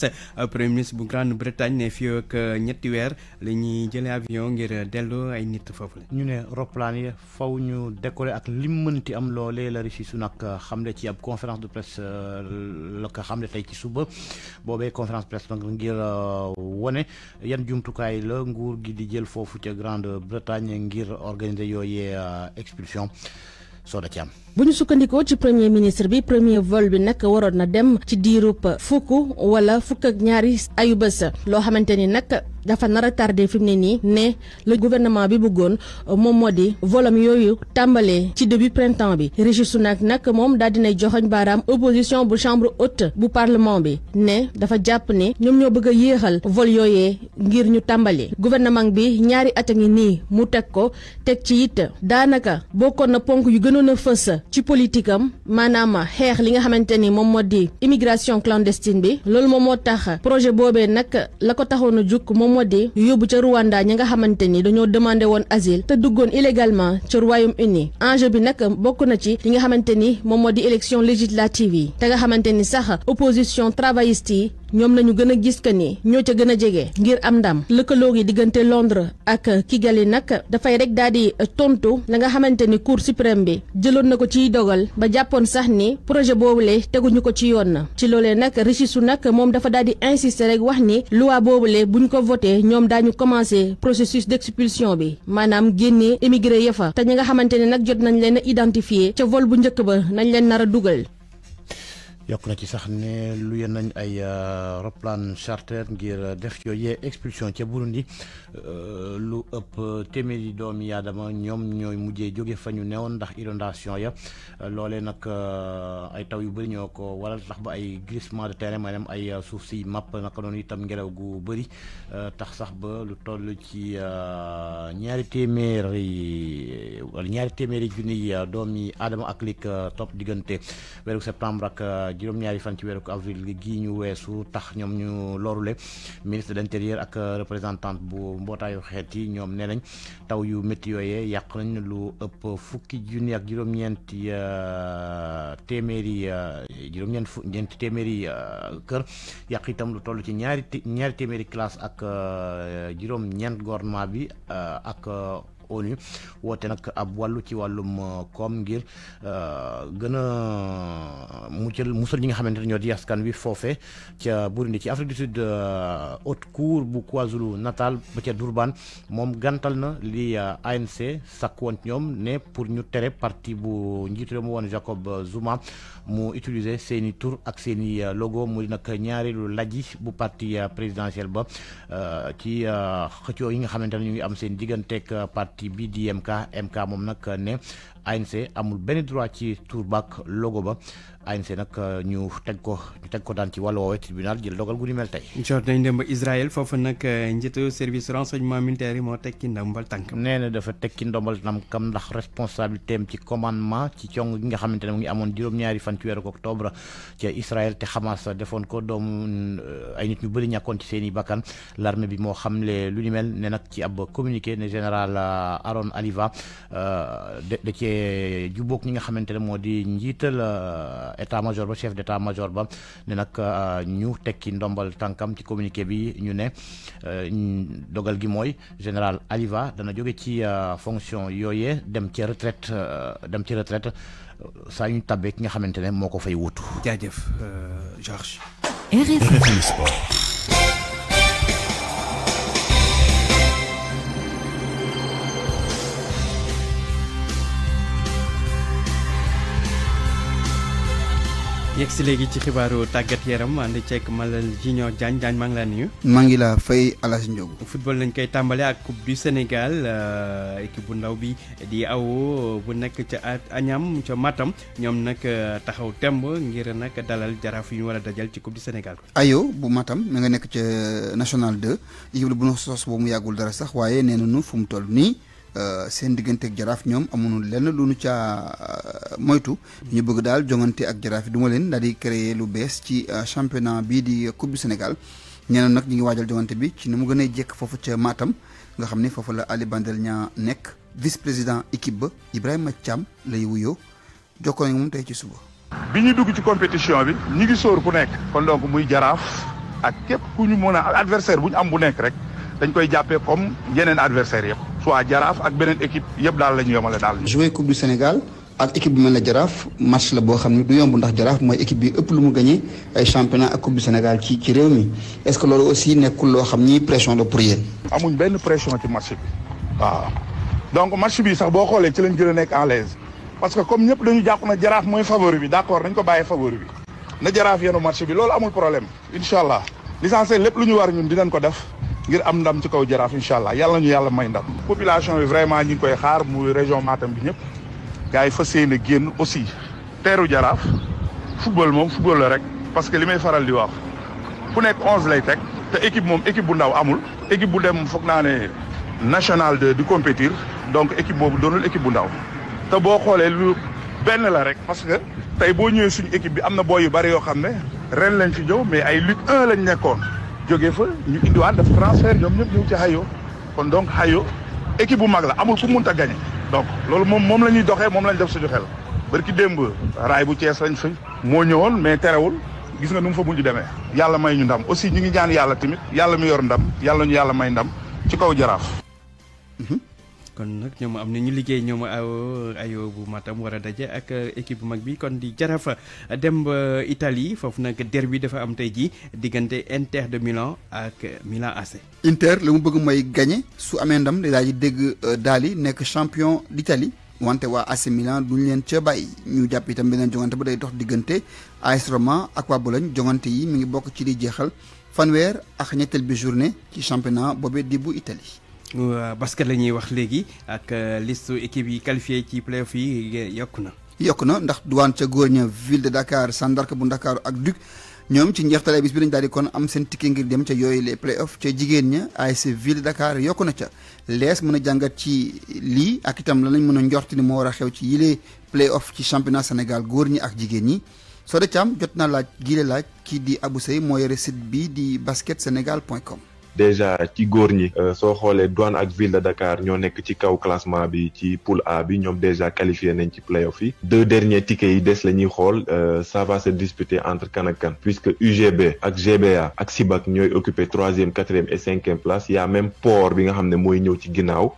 premier ministre bu Grande-Bretagne ne fii ak euh, ñetti weer la ñuy jëlee avion ngir dellu ay nit foofu la. ñu ne roplaan yi faw ñu décoller ak lim mënti am loolee la Rishi Sunak euh, xamle ci ab conférence de presse euh, la ko xamle tey ci suba boobee conférence de presse nag ngir wone yan jumtukaay la nguur gi di jël foofu ca Grande-Bretagne ngir organiser. jëflande yooyee euh, expulsion Sodatia bu go to ci premier ministre bi premier vol bi nak waroon na dem ci diirub fuku wala fuk ak ñaari ayubés lo xamanteni nak dafa nar a ne le gouvernement bi bëggoon mom tambale, volume yoyu tambalé ci début printemps bi registre nak nak mom dal dina joxoñ baram opposition bu chambre haute bu parlement bi ne dafa japp ne ñom ñoo bëgg vol ngir ñu gouvernement bi ñaari at a ngi nii mu tek ko tek ci yitt danaka bokon na ponk yu a fess ci li nga immigration clandestine bi lool tax projet bobé nak, la ko taxoon moo di yóbbu ca Rwanda ñi nga xamante ni dañoo demandé woon asile te duggoon illégalement ca Royaume-Uni enjeu bi nag bokk na ci li nga xamante ni moom moo di élection législative yi te nga xamante ni sax opposition travailliste yi ñoom la ñu gën a gis que ni ñoo ca gën a jege ngir am ndam lëkkaloo gi diggante Londres ak Kigali nag dafay rek daal di tontu la nga xamante ni Cour suprême bi jëloon na ko ciy dogal ba jàppoon sax ni projet boobule teguñu ko ci yoon na ci loolee nag Rishi Sunak moom dafa daal di insister rek wax ni loi boobule ñu ko voté ñoom daañu commencé processus d'expulsion bi maanaam génnee émigré ya fa te ñi nga xamante ne nag jot nañ leen a identifié ca vol bu njëkk ba nañ leen nar a dugal. yokk na ci sax ne lu yéen nañ ay euh, roplaan charter ngir euh, def yooyee expulsion ca Burundi euh, lu ëpp téeméeri doom yaadama ñoom ñooy mujjee jóge fa ñu newoon ndax inondation ya loolee nag ay taw yu bëri ñoo ko waral tax ba ay glissement de terrain maanaam ay suuf si mapp naka noonu itam ngelaw gu bëri tax sax ba lu toll ci ñaari téeméeri wala ñaari téeméeri doom doomi aadama ak lik topp diggante weeru septembre ak juróom-ñaari fan ci weeru avril gii ñu weesu tax ñoom ñu le ministre de l'intérieur ak représentante bu mbootaayu xeet yi ñoom nee nañ taw yu métti yooyee yàq nañ lu ëpp fukki junni ak juróom-ñeenti euh, téeméeri euh, juróom-ñeent fu ñeenti téeméeri euh, kër yàq itam lu toll ci ñaari ñaari téeméeri classe ak juróom-ñeent gouvernement bi ak ONU woote nag ab wàllu ci wàllum uh, koom ngir uh, gën a uh, muccal musal ñi nga xamante ñoo di askan wi foofe ca Burundi ci Afrique du Sud haute cour bu KwaZulu Natal ba ca Durban mom gantal na li ANC sàkk woon ne pour ñu tere parti bu njiitu réew mu Jacob Zuma mu utiliser seen i tur ak seen i euh, logo muy nag le lundi bu parti euh, présidentiel ba euh, ci xëccoo yi nga xamante ne ñu ngi am parti bi di MK MK moom nag ne ANC amul benn droit ci tour ba logo ba. ANC nak euh, ñu teg ko ñu teg ko daan ci wàllu woowee tribunal jël dogal gu ni mel tay jot nañ dem Israël fofu nak euh, njiitu service renseignement militaire mo moo teg ci ndombal tank nee dafa teg ci ndombal nam kam ndax responsabilité ci commandement ci cong gi nga xamantene mo ngi amone juróom-ñaari fan ci weeru octobre ci Israël te Hamas defoon ko dom euh, ay nit ñu bëri ñakoon ci seeni bakan l'armée bi mo xamlé lu ni mel né nak ci ab communiqué né général Aaron Aliva euh de ci jubok ñi nga xamantene ne moo di njiital. état major ba chef d' état major ba ne nag euh, ñu tekki ndombal tànkam ci communiqué bi ñu ne euh, dogal gi mooy général Aliva dana jóge ci euh, fonction yooye dem ci retraite dem ci retraite saa ñu tabbee ki nga xamante ne moo ko fay wutu jaajëf Georges yegg si léegi ci xibaaru tàggat yaram ànd ceeg Malal Junior Diagne Diagne maa ngi laa nuyu. maa ngi la fay Alas Ndiogu. football lañ koy tàmbale ak coupe du Sénégal équipe eh, bu ndaw bi di awo bu nekk ca ca Matam ñoom nag taxaw temb ngir nag dalal jaraaf yu ñu war a dajal ci coupe du Sénégal. ayo bu Matam mi nga nekk ca national 2 équipe bu nu sos boobu mu yàggul dara sax waaye nee fu mu toll nii. Euh, seen diggante ak jaraaf ñoom amuñu lenn lu nu caa euh, moytu. ñu bëgg daal jongante ak jaraaf yi du leen daal di créer lu bees ci euh, championnat bii di coupe du Sénégal ñeneen nag ñu ngi waajal jongante bi ci ni mu gën a jekk foofu ca maatam nga xam ni foofu la Ali Bandel ñaa nekk vice président équipe ba Ibrahima Thiam lay wuyoo jokkoo nañu moom tey ci suba. bi ñu dugg ci compétition bi ñu ngi sóor ku nekk. kon donc muy jaraaf ak képp ku ñu mën a adversaire bu ñu am bu nekk rek. dañ koy jàppee comme yeneen adversaire yëpp soit jaraaf ak beneen équipe yëpp daal la ñu yomale daal. jouer coupe du Sénégal. ak équipe bu mel ne jaraaf match la boo xam ne du yomb ndax jaraaf mooy équipe bi ëpp lu mu gagné ay championnat ak coupe du Sénégal ci ci réew mi est-ce que loolu aussi nekkul loo xam ni pression la pour yéen. amuñ benn pression ci match bi waaw donc match bi sax boo xoolee ci lañ gën a nekk en l'aise parce que comme ñëpp dañu jàpp na jaraaf mooy favori bi d'accord nañ ko bàyyi favori bi na jaraaf yenu match bi loolu amul problème incha allah l'essentiel lépp lu ñu war ñun dinañ ko def. ngir am ndam ci kaw jaraaf incha allah yàlla ñu yàlla may ndam. population yi vraiment ñu ngi koy xaar muy région Matam bi ñëpp gars yi fas yéene génn aussi teeru jaraaf football moom football la rek parce que li may faral di wax ku nekk onze lay teg te équipe moom équipe bu ndaw amul. équipe bu dem foog naa ne national de du compétir donc équipe boobu doonul équipe bu ndaw te boo xoolee lu benn la rek parce que tey boo ñëwee suñu équipe bi am na booy yu bari yoo xam ne ren lañ fi ñëw mais ay Ligue 1 nekkoon. jóge fa ñu indiwaat def transfert ñoom ñëpp ñëw ci Hayo kon donc Hayo équipe bu mag la amul mun munta gañ donc loolu moom moom la ñuy doxee moom la ñu def suñu xel barki démb raay bu Cees lañ fa moo ñëwoon mais terewul gis nga nu mu fa mujj demee yàlla may ñu ndam aussi ñu ngi ñaan yàlla tamit yàlla mi yor ndam yàlla ñu yàlla may ndam ci kaw jaraaf mhm. kon nag ñoom am nañu liggéey ñoom aw ayo bu matam war a daje ak équipe bu mag bi kon di jarafa dem ba italie foofu nag derbi dafa am tey ji diggante inter de milan ak milan ac inter li mu bëgg mooy gagné su amee ndam di daal dégg daali nekk champion d'italie wante wa AC Milan duñ leen ca bàyyi ñu jàpp itam beneen jongante ba day dox diggante AS Roma ak waa Bologne jongante yi mi ngi bokk ci di jeexal fanweer ak ñetteel bi journée ci championnat boobee di Italie Euh, basket la ñuy wax léegi ak euh, list équipe yi qualifié ci playoff yi yokku na. yokk na ndax duwaan ca góor ña ville de Dakar sandark bu Dakar ak Duc ñoom ci njeextale bis bi lañ daal di kon am seen ticket ngir dem ca yooyu les playoff ca jigéen ña ASC ville de Dakar yokku na ca lees mën a jàngat ci lii ak itam la lanañ mën a njort ni moo war a xew ci yile playoff ci championnat Sénégal góor ñi ak jigéen ñi. Sode Thiam jot naa laaj giile laaj kii di Abou moo yore site bi di basket sénégal point com. déjà ci sur ñi euh, soo xoolee douane ak ville de Dakar ñoo nekk ci kaw classement bi ci poule A bi ñoom déjà qualifié nañ ci playoff yi deux derniers tickets yi des la ñuy euh, ça va se disputer entre kan puisque UGB ak GBA ak Sibac ñooy occuper troisième quatrième et cinquième place Il y a même Port bi nga xam ne mooy ci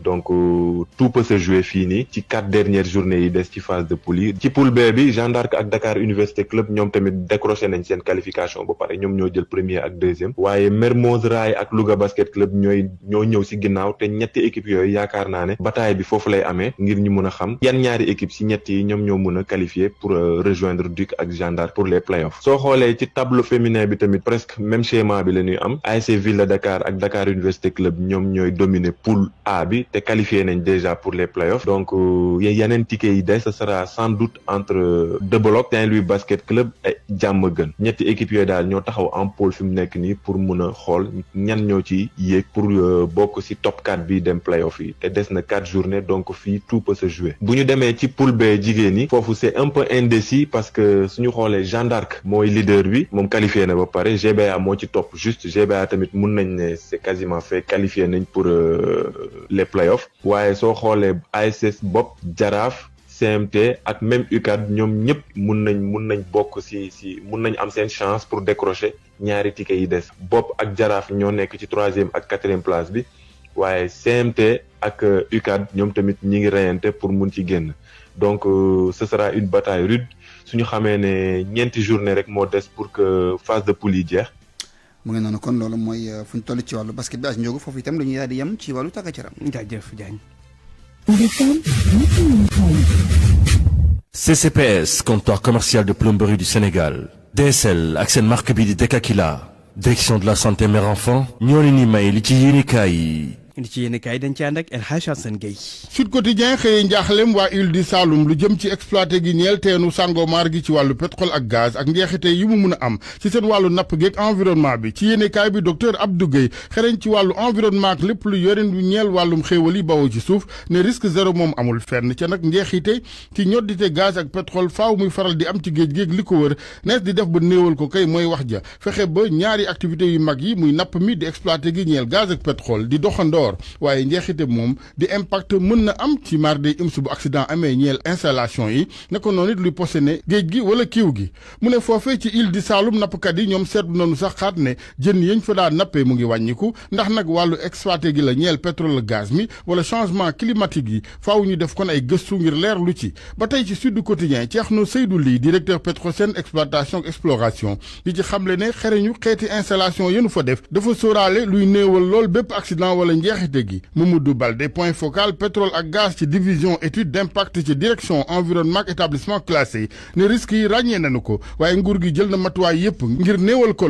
donc euh, tout peut se jouer fini. nii ci quatre dernières journées yi des ci phase de poule yi ci poule B bi d'Arc ak Dakar Université Club ñoom tamit décroché nañ seen qualification ba pare ñoom ñoo jël premier ak deuxième waaye Mermoz Ray ak Louga Basket Club ñoy ñoo ñëw si ginnaaw te ñetti équipes yooyu yaakaar naa bataille bi foofu lay amee ngir ñu mën a xam yan ñaari équipe si ñett yi ñoom ñoo mën qualifier pour euh, rejoindre Duc ak Gendarme pour les playoffs soo xoolee ci tableau féminin bi tamit presque même schéma bi la ñuy am ASC Ville Dakar ak Dakar University Club ñoom ñooy dominer poule A bi te qualifier nañ déjà pour les playoffs donc euh, yeneen ticket yi des ce sera sans doute entre euh, Deboloc Saint-Louis Basket Club et Diamaguène ñetti équipe yooyu daal ñoo taxaw en pôle fi mu nekk nii pour mën a xool ñan il est pour euh, bokk si top 4 bi dem playoff yi te des na 4 journées donc fii tout peut se jouer bu ñu demee ci poule B jigéen ñi vous c'est un peu indécis parce que suñu xoolee Jeanne d'Arc mooy leader lui moom qualifié na ba pare GBA moo ci top juste GBA tamit mun nañ ne c'est quasiment fait qualifié nañ pour euh, les playoffs waaye soo xoolee ASS Bob jaraaf CMT ak même UCAD ñom ñep mën nañ mën nañ bok ci ci mën nañ am sen chance pour décrocher ñaari ticket yi dess bop ak jaraaf ñoo nekk ci 3e ak 4e place bi waye CMT ak UCAD euh, ñom tamit ñi ngi reyante pour mun ci génn donc euh, ce sera une bataille rude suñu xamé né ñenti journée rek mo dess pour que phase de poule yi jeex. mu ngi noonu kon lolu moy euh, fuñ tollu ci walu basket bi as njóogu foofu itam dañuy daal di yam ci wàllu tàggat yaram. jaajëf Diagne. CCPS, comptoir commercial de plomberie du Sénégal. DSL Axel Marquebidi marque direction de la santé mère enfant. Nyolini ni may indi ci yéen kaay dañ ci ànd ak El Hadj Assane Gueye Sud Quotidien xëye njaaxlem waa île du lu jëm ci exploité gi ñeel teenu Sangomar gi ci wàllu pétrole ak gaz ak njeexite yi mu mun a am ci seen wàllu napp geeg environnement bi ci yéen bi docteur Abdou xereñ ci wàllu environnement ak lépp lu yorin ñeel wàllum xéewal yi bawoo ci suuf ne risque zéro moom amul fenn ca nag njeexite ci ñoddite gaz ak pétrole faaw muy faral di am ci géej géeg li ko wër nees di def ba néewal ko kay mooy wax ja accord waaye njeexite moom di impact mën na am ci mardi imsu bu accident amé ñeel installation yi naka nonit it luy posone géej gi wala kiw gi mu né fofé ci île di Saloum nappkat yi ñom seetlu nañu sax xaat né jeun yañ fa da napé mu ngi wañiku ndax nak walu exploité gi la ñeel pétrole gaz mi wala changement climatique yi faaw ñu def kon ay gëstu ngir lèr lu ci ba tay ci Sud Quotidien xnu Seydou Li directeur Petrosen exploitation exploration di ci xamle ne xereñu xéti installation yenu fa def dafa sóoraale luy néewal lool bép accident wala ñeex xarxite moumoudou Mamadou Baldé point focal pétrole à gaz division étude d'impact ci direction environnement établissement classé ne risque yi ragné nañu ko waaye nguur jël na matuwaay yépp ngir néewal ko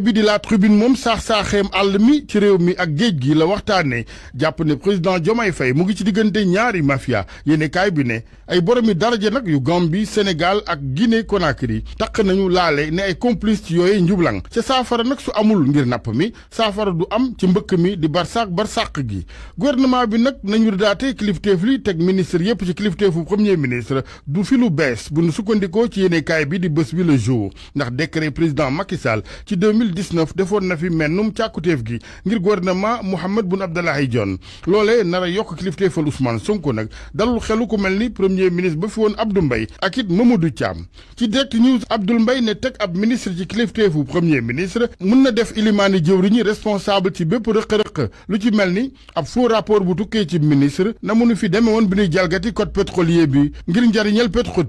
bi la tribune Mom saax-saaxeem àll mi ci réew mi ak la wartane, jàpp japonais président Diomaye Faye mu ngi ci diggante ñaari mafia yéenekaay bi ne ay boromi daraja nak yu Gambie Sénégal ak Guinée Conakry tak nañu n'est ne ay complice ci yooyu njublang ca saafara nak su amul ngir napp mi saafara du am ci mbëkk mi di barsa barsaak gi gouvernement bi n'yurdate nañu tech tech li tek ministre ci premier ministre du filu bes bu nu sukkandikoo ci kay bi di bi le jour na décret président Macky Sall ci 2019 defoon na fi mennum càkkuteef gi ngir gouvernement Mohamed Bun Abdallah Dionne lolé nara yok yokk Ousmane Sonko nak dalul xelu ku premier ministre Buffon fi Akit Abdou Mbaye ak Mamadou direct news Abdulbay Mbaye ne tek ab ministre ci premier ministre mun na def responsable ci pour lu ci mel ni ab faux rapport bu tukkee ci ministre na mu nu fi demee woon bi ñuy jalgati code pétrolier bi ngir njariñel petro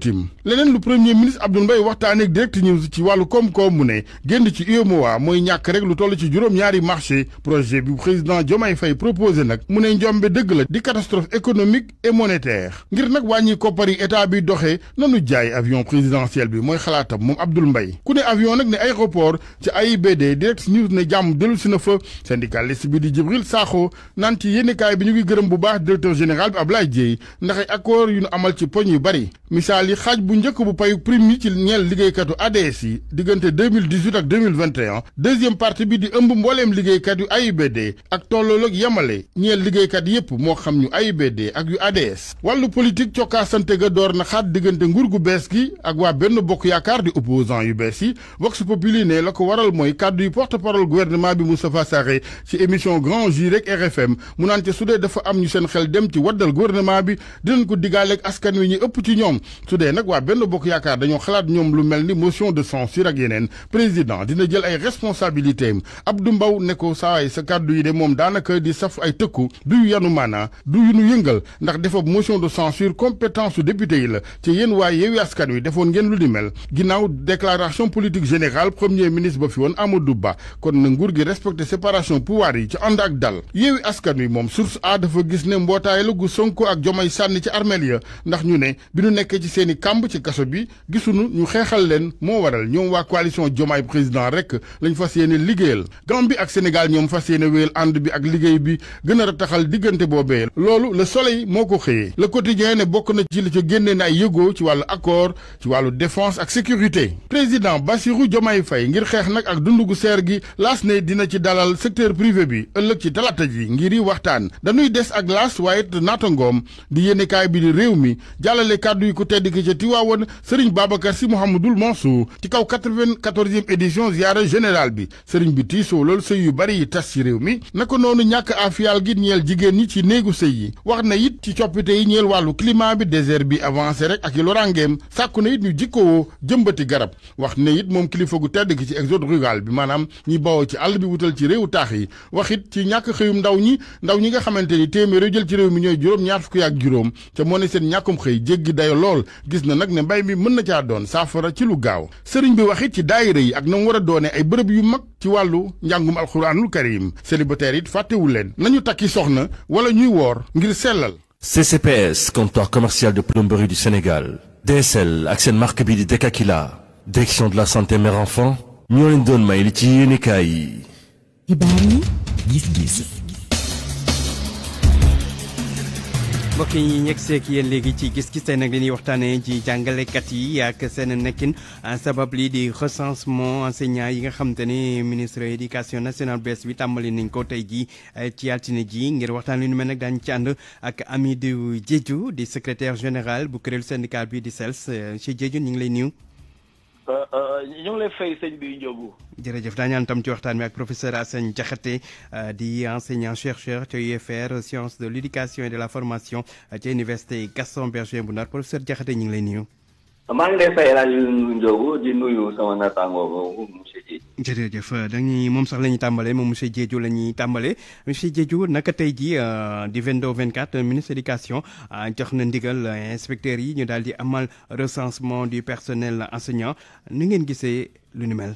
leneen lu premier ministre Abdoul Mbaye waxtaanee Direct News ci wàllu koom-koom mu ne génn ci UEMOA mooy ñàkk rek lu toll ci juróom-ñaari marché projet bi président Diomaye Faye proposé nag mu ne njombe dëgg la di catastrophe économique et monétaire ngir nag wàññi koppari état bi doxee nanu jaay avion présidentiel bi mooy xalaatam moom Abdoul Mbaye ku ne avion nag ne aéroport ci AIBD Direct News ne jàmm dellu si na fa syndicaliste bi di Djibril saxo naan ci yéenekaay bi ñu ngi gërëm bu baax directeur général bi Ablaye Dièye ndax accord yu ñu amal ci poñ yu bari misal yi xaj bu njëkk bu payu prime yi ci ñeel liggéeykatu ADS yi 2018 ak 2021 deuxième partie bi di ëmb mbooleem liggéeykat yu AIBD ak tollol ak yemale ñeel liggéeykat yépp mo xam ñu AIBD ak yu ADS walu politique santé ga door na xat digënté nguur gu de gi ak wa benn bokk yaakar di opposant yu bees yi vox populi né la ko waral moy porte-parole gouvernement bi moussa Sarré ci émission grand Direct RFM mu nan de soudé dafa am ñu seen xel dem ci waddal gouvernement bi dinañ ko ak askan wi ñi ëpp ci ñom soudé nak wa benn bokk yaakaar xalaat lu motion de censure ak yenen président dina jël ay responsabilité am Abdou Mbow ne ko saawaay sa yi de mom danaka di saf ay tëkku du yanu mana du yu yëngal ndax motion de censure compétence député yi la te yéen waaye yeewi askan wi defoon ngeen lu di mel déclaration politique générale premier ministre ba fi won Amadou Ba kon na nguur gi respecté séparation pouvoir yi ci Sénégal Yewwi Askan Wi source a dafa gis ne mbootaay la gu Sonko ak Jomay sànni ci armeel ya ndax ñu ne bi ñu nekkee ci seeni kàmb ci kaso bi gisuñu ñu xeexal leen moo waral ñoom waa coalition Jomay président rek lañ fas yéene liggéeyal Gambie ak Sénégal ñoom fas yéene wéyal bi ak liggéey bi gën a rataxal diggante boobee loolu Le Soleil moo ko Le Quotidien ne bokk na ci li ca génnee ay yëgoo ci wàllu accord ci wàllu défense ak sécurité président Bassirou Diomaye Faye ngir xeex nag ak dundu gu seer gi laas dina ci dalal secteur privé bi ëllëg ci talaata ji ngir waxtaan dañuy des ak laas waaye naatangoom di yéenekaay bi di réew mi jàllale kàddu yi ku tedd ki ca Tiwaawoon sëriñ Babacar Si Mouhamadoul Mansour ci kaw 94e édition ziara générale bi sëriñ bi tiisoo lool sëy yu bari yi tas ci réew mi ko noonu ñàkk afiyaal gi ñeel jigéen ñi ci néegu sëy yi wax na it ci coppite yi ñeel wàllu climat bi désert bi avancé rek ak yi lorangeem sàkku na it ñu jikkoo jëmbati garab wax na it moom kilifa gu tedd ki ci exode rural bi maanaam ñi bawoo ci àll bi wutal ci réewu taax yi xeyum ndaw ñi ndaw ñi nga xamanteni ni jël ci réew mi ñoy juroom ñaar fukki ak juroom te mo ne seen ñàkkum xey jéggi dayo lool gis na nak ne mbay mi mën na caa doon saafara ci lu gaaw sëriñ bi waxit ci daayira yi ak na mu doone ay bërepp yu mag ci wàllu njàngum alxuraanul karim célibataire it fàttewul leen nañu takki soxna wala ñuy woor ngir sellal CCPS comptoir commercial de plomberie du Sénégal DSL ak marque bi di Dekakila direction de la santé mère enfant ñoo leen doon may li ci yéenekaay yi Ibarri, gis-gis. mbokk yi je suis yéen léegi ci gis-gis tey nag li ñuy waxtaanee ci jàngalekat yi ak seen ah, di recensement enseignant yi nga xam te éducation nationale bi tàmbali nañ ko tey ji eh, ci ji ngir ci di secrétaire général bu kuréel syndical bi di SELS eh, euh, euh, ñu ngi lay fay sëñ bi Ndiogou. jërëjëf tam ci waxtaan ak professeur Assane Diakhaté euh, di enseignant chercheur ci UFR sciences de l'éducation et de la formation ci université Gaston Berger bu professeur Diakhaté ñu ngi lay maa ngi lay fayal al Hadj di nuyu sama naataangoo boobu monsieur Diedhiou. jërëjëf dañuy moom sax la tambalé mom moom monsieur Diedhiou la ñuy monsieur Diedhiou naka tey jii di 22 24 eh, ministre éducation jox eh, na ndigal eh, inspecteur yi ñu daldi amal recensement du personnel enseignant ni ngeen gisé lu ni mel.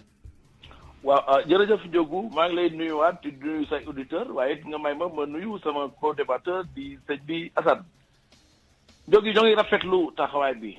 waaw ah, jërëjëf Ndiogou ma ngi lay nuyu wat di nuyu say auditeur waye nga may ma nuyu sama co-débatteur di sëñ bi Assane. Ndiogou ñoo rafetlu taxaway bi.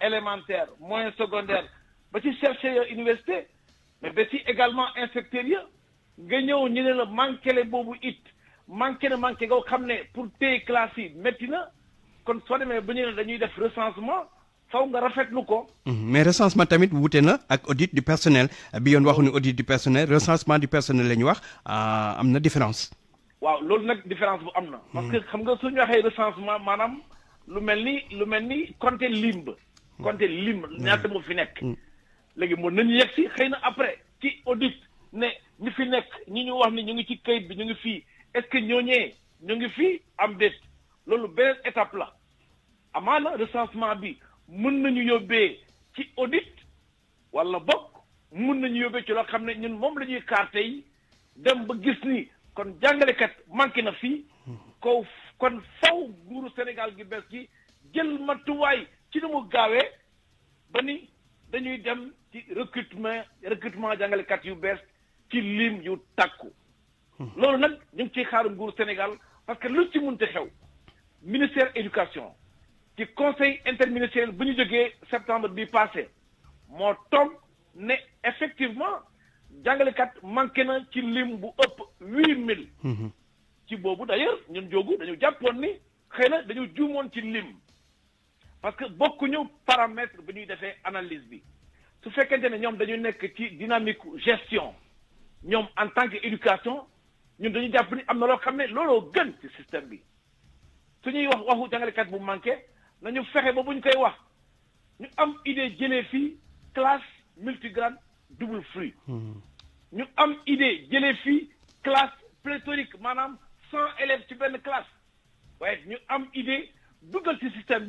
élémentaire, moyen secondaire, ba ci chercheur université mais si également inspecteur ya nga ñëw ñu la manqué le it manqué le manqué au pour téye classe Maintenant, quand na kon soo demee nuit ñu dañuy def recensement faw nga mhm. mais recensement tamit wouté na ak audit du personnel bi waxu ni audit du personnel recensement du personnel la ñu wax ah, am différence. waaw lool nak différence bu amna parce que mhm. xam nga suñu waxee recensement manam lu melni lu melni compter limbe. compter lim mm. ñaata moo fi nekk mm. léegi mën nañu yegg si xëy na après ci audit ne ñi fi nekk ñi ñu wax ni ñu ngi ci kayit bi ñu ngi fii est ce que ñooñee ñu ngi fii am déet loolu beneen étape la amaana recensement bi mën nañu yóbbee ci audit wala bok mën nañu yóbbee ci loo xam ne ñun moom la carte yi dem ba gis ni kon jàngalekat manqué na fii mm. ko kon faw nguuru sénégal gi bees gi jël matuwaay ci nu mu gaawee ba ni dañuy dem ci recrutement recrutement kat yu bees ci lim yu takku. loolu nak ñu le xaru nguur Sénégal parce que lu ci munte xew ministère éducation ci conseil interministériel bu ñu jógee septembre bi passé mo toog né effectivement jàngalekat manqué na ci lim bu upp 8000 mhm. ci bobu d'ailleurs ñun jógu dañu jàppoon ni xëy dañu juumoon ci lim parce que beaucoup de paramètres viennent nous avons tout Ce fait que nous avons une dynamique de gestion, nous, en tant qu'éducation, nous avons appris à nous rappeler le système. Si nous avons fait des choses qui manquent, nous avons une idée de génétique, classe, multigrande, double fruit. Nous avons une idée de génétique, classe, pléthorique, madame, sans élèves sur une classe. Nous avons une idée de double système.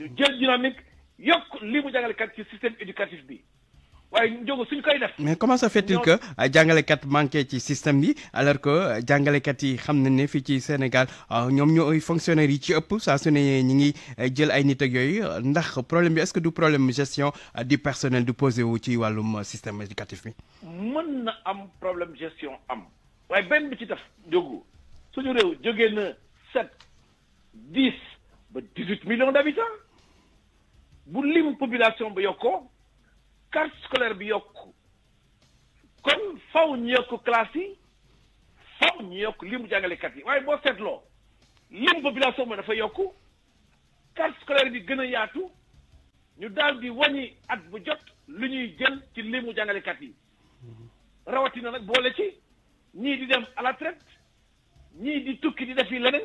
ñu jël dynamique yokk li mu jàngalekat ci système éducatif bi waaye Ndiobo suñ koy def. mais comment ça fait-il que euh, jàngalekat manqué ci système bi alors que euh, jàngalekat yi xam nañ ne fii ci Sénégal euh, ñoom ñooy fonctionnaires yi ci ëpp ça su ne ñi ngi jël ay nit ak yoy ndax problème bi est-ce que du problème gestion du personnel du posé wu ci walum système éducatif bi. mën na am problème gestion am. waaye benn bi ci def Ndiobo suñu rew jogé na 7 10 ba 18 huit millions d'habitants. bu lim population bi yokkoo carte scolaire bi yokk kon faw ñu yokk classe yi faw ñu yokk limu jàngalekat yi waaye boo seetloo lim population bi dafa yokk carte scolaire bi gën a yaatu ñu daal di wàññi at bu jot lu ñuy jël ci limu jàngalekat yi rawatina nag boole ci ñii di dem à ñii di tukki di def yi leneen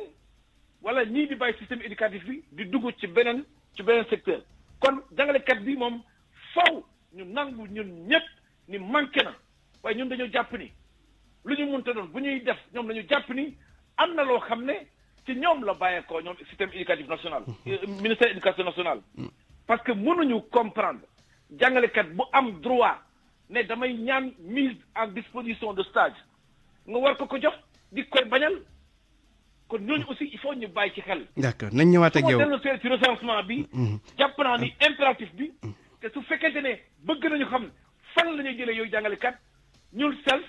wala ñii di bàyyi système éducatif bi di dugg ci beneen ci beneen secteur kon jàngalekat bi moom faw ñu nangu ñun ñëpp ni manqué na waaye ñun dañoo jàpp ni lu ñu mënta doon bu ñuy def ñoom dañu jàpp ni am na loo xam ne ci ñoom la bàyyeekoo ñoom système éducatif national. Hmm. Euh, ministère éducation nationale. Hmm. parce que mënuñu comprendre jàngalekat bu am droit ne damay ñaan mise en disposition de stage nga war ko ko jox di koy bañal. kon ñu bàyyi ci xel. nañ ñëwaat ak yow bi. Mhm. jàpp naa ni ah. mhm. te su fekkente ne bëgg nañu xam fan la ñuy jëlee jàngalekat ñun SELS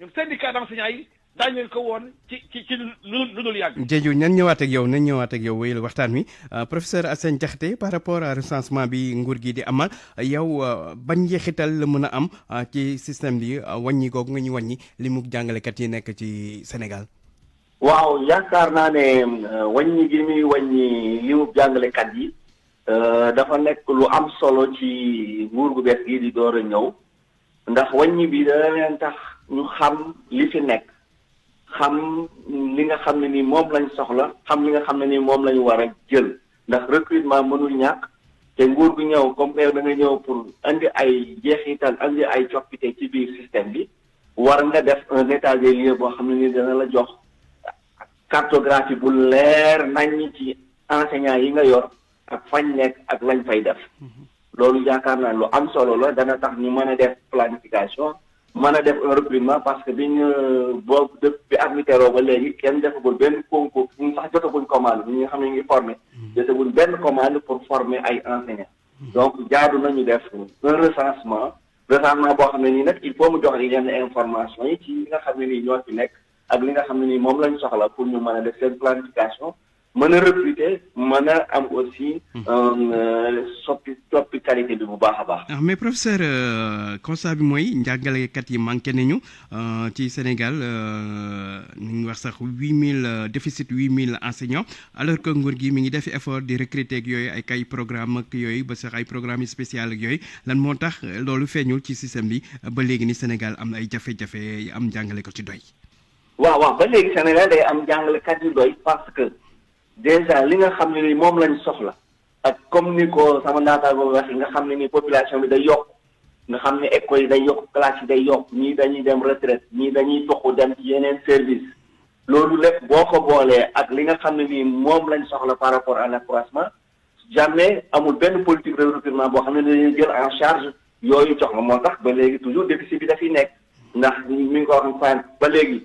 ñun syndicat d' enseignants yi ko woon ci ci lu lu yàgg. Diedhiou nañ ñëwaat yow nañ ñëwaat ak yow wéyal waxtaan wi euh, professeur Assane Diakhaté par rapport à recensement bi nguur gi di amal yow euh, ban njeexital la mën a am euh, ci système bi wàññi googu nga ñu wàññi li mu jàngalekat yi nekk ci Sénégal. waaw yaakaar naa ne eh, wàññi gi muy wàññi yiwub jàngalekat yi eh, dafa nekk lu am solo ci nguur gu bees gii di door a ñëw ndax wàññi bi dana leen tax ñu xam li fi nekk xam li nga xam ne ni moom lañ soxla xam li nga xam ne ni moom lañ war a jël ndax recrutement mënul ñàkk te nguur gu ñëw comme da nga ñëw pour andi ay jeexital andi ay coppite ci biir système bi war nga def un eh, état des lieux boo xam ne ni dana la jox cartographie bu leer nañ ci enseignant yi nga yor ak fañ nekk ak lañ fay def loolu yaakaar naa lu am solo la dana tax ñu mën a def planification mën a def un recrutement parce que bi ñu boobu dëpp bi at mi teroo ba léegi kenn defagul benn concours bu ñu commande bi ñu nga xam ne ñu ngi formé hmm. jotaguñ benn commande pour former ay enseignants hmm. donc jaadu nañu def un recensement boo xam ne nii nag il faut mu jox li yenn information yi ci ñi nga xam ne nii ñoo fi nekk ak li nga xam ne ni moom lañu soxla pour ñu mën a def seen planification a recruter mën a hmm. euh, bi bu baax a baax. Ah, euh, yi manqué nañu euh, ci Sénégal ñu ngi wax sax huit mille déficit huit mille enseignants alors que nguur gi mi ngi def effort yooyu ay kay programme ak yooyu ba sax ay programme spécial yooyu lan moo tax loolu feeñul ci système bi ba léegi ni Sénégal am na ay jafe-jafe am njàngale ko ci doy. waaw waaw ba léegi Sénégal day am jàngalekat yu doy parce que déjà li nga xam ne ni moom lañu soxla ak comme ni ko sama naataango wax nga xam ne nii population bi day yokk nga xam ne école yi day yokk classe yi day yokk ñii dañuy dem retraite ñii dañuy toxu dem yeneen service loolu lépp boo ko boolee ak li nga xam ne nii moom lañ soxla par rapport à l'accroissement jamais amul benn politique de recrutement boo xam ne dañuy jël en charge yooyu jox la moo tax ba léegi toujours déficit bi dafiy nekk ndax mi ngi ba léegi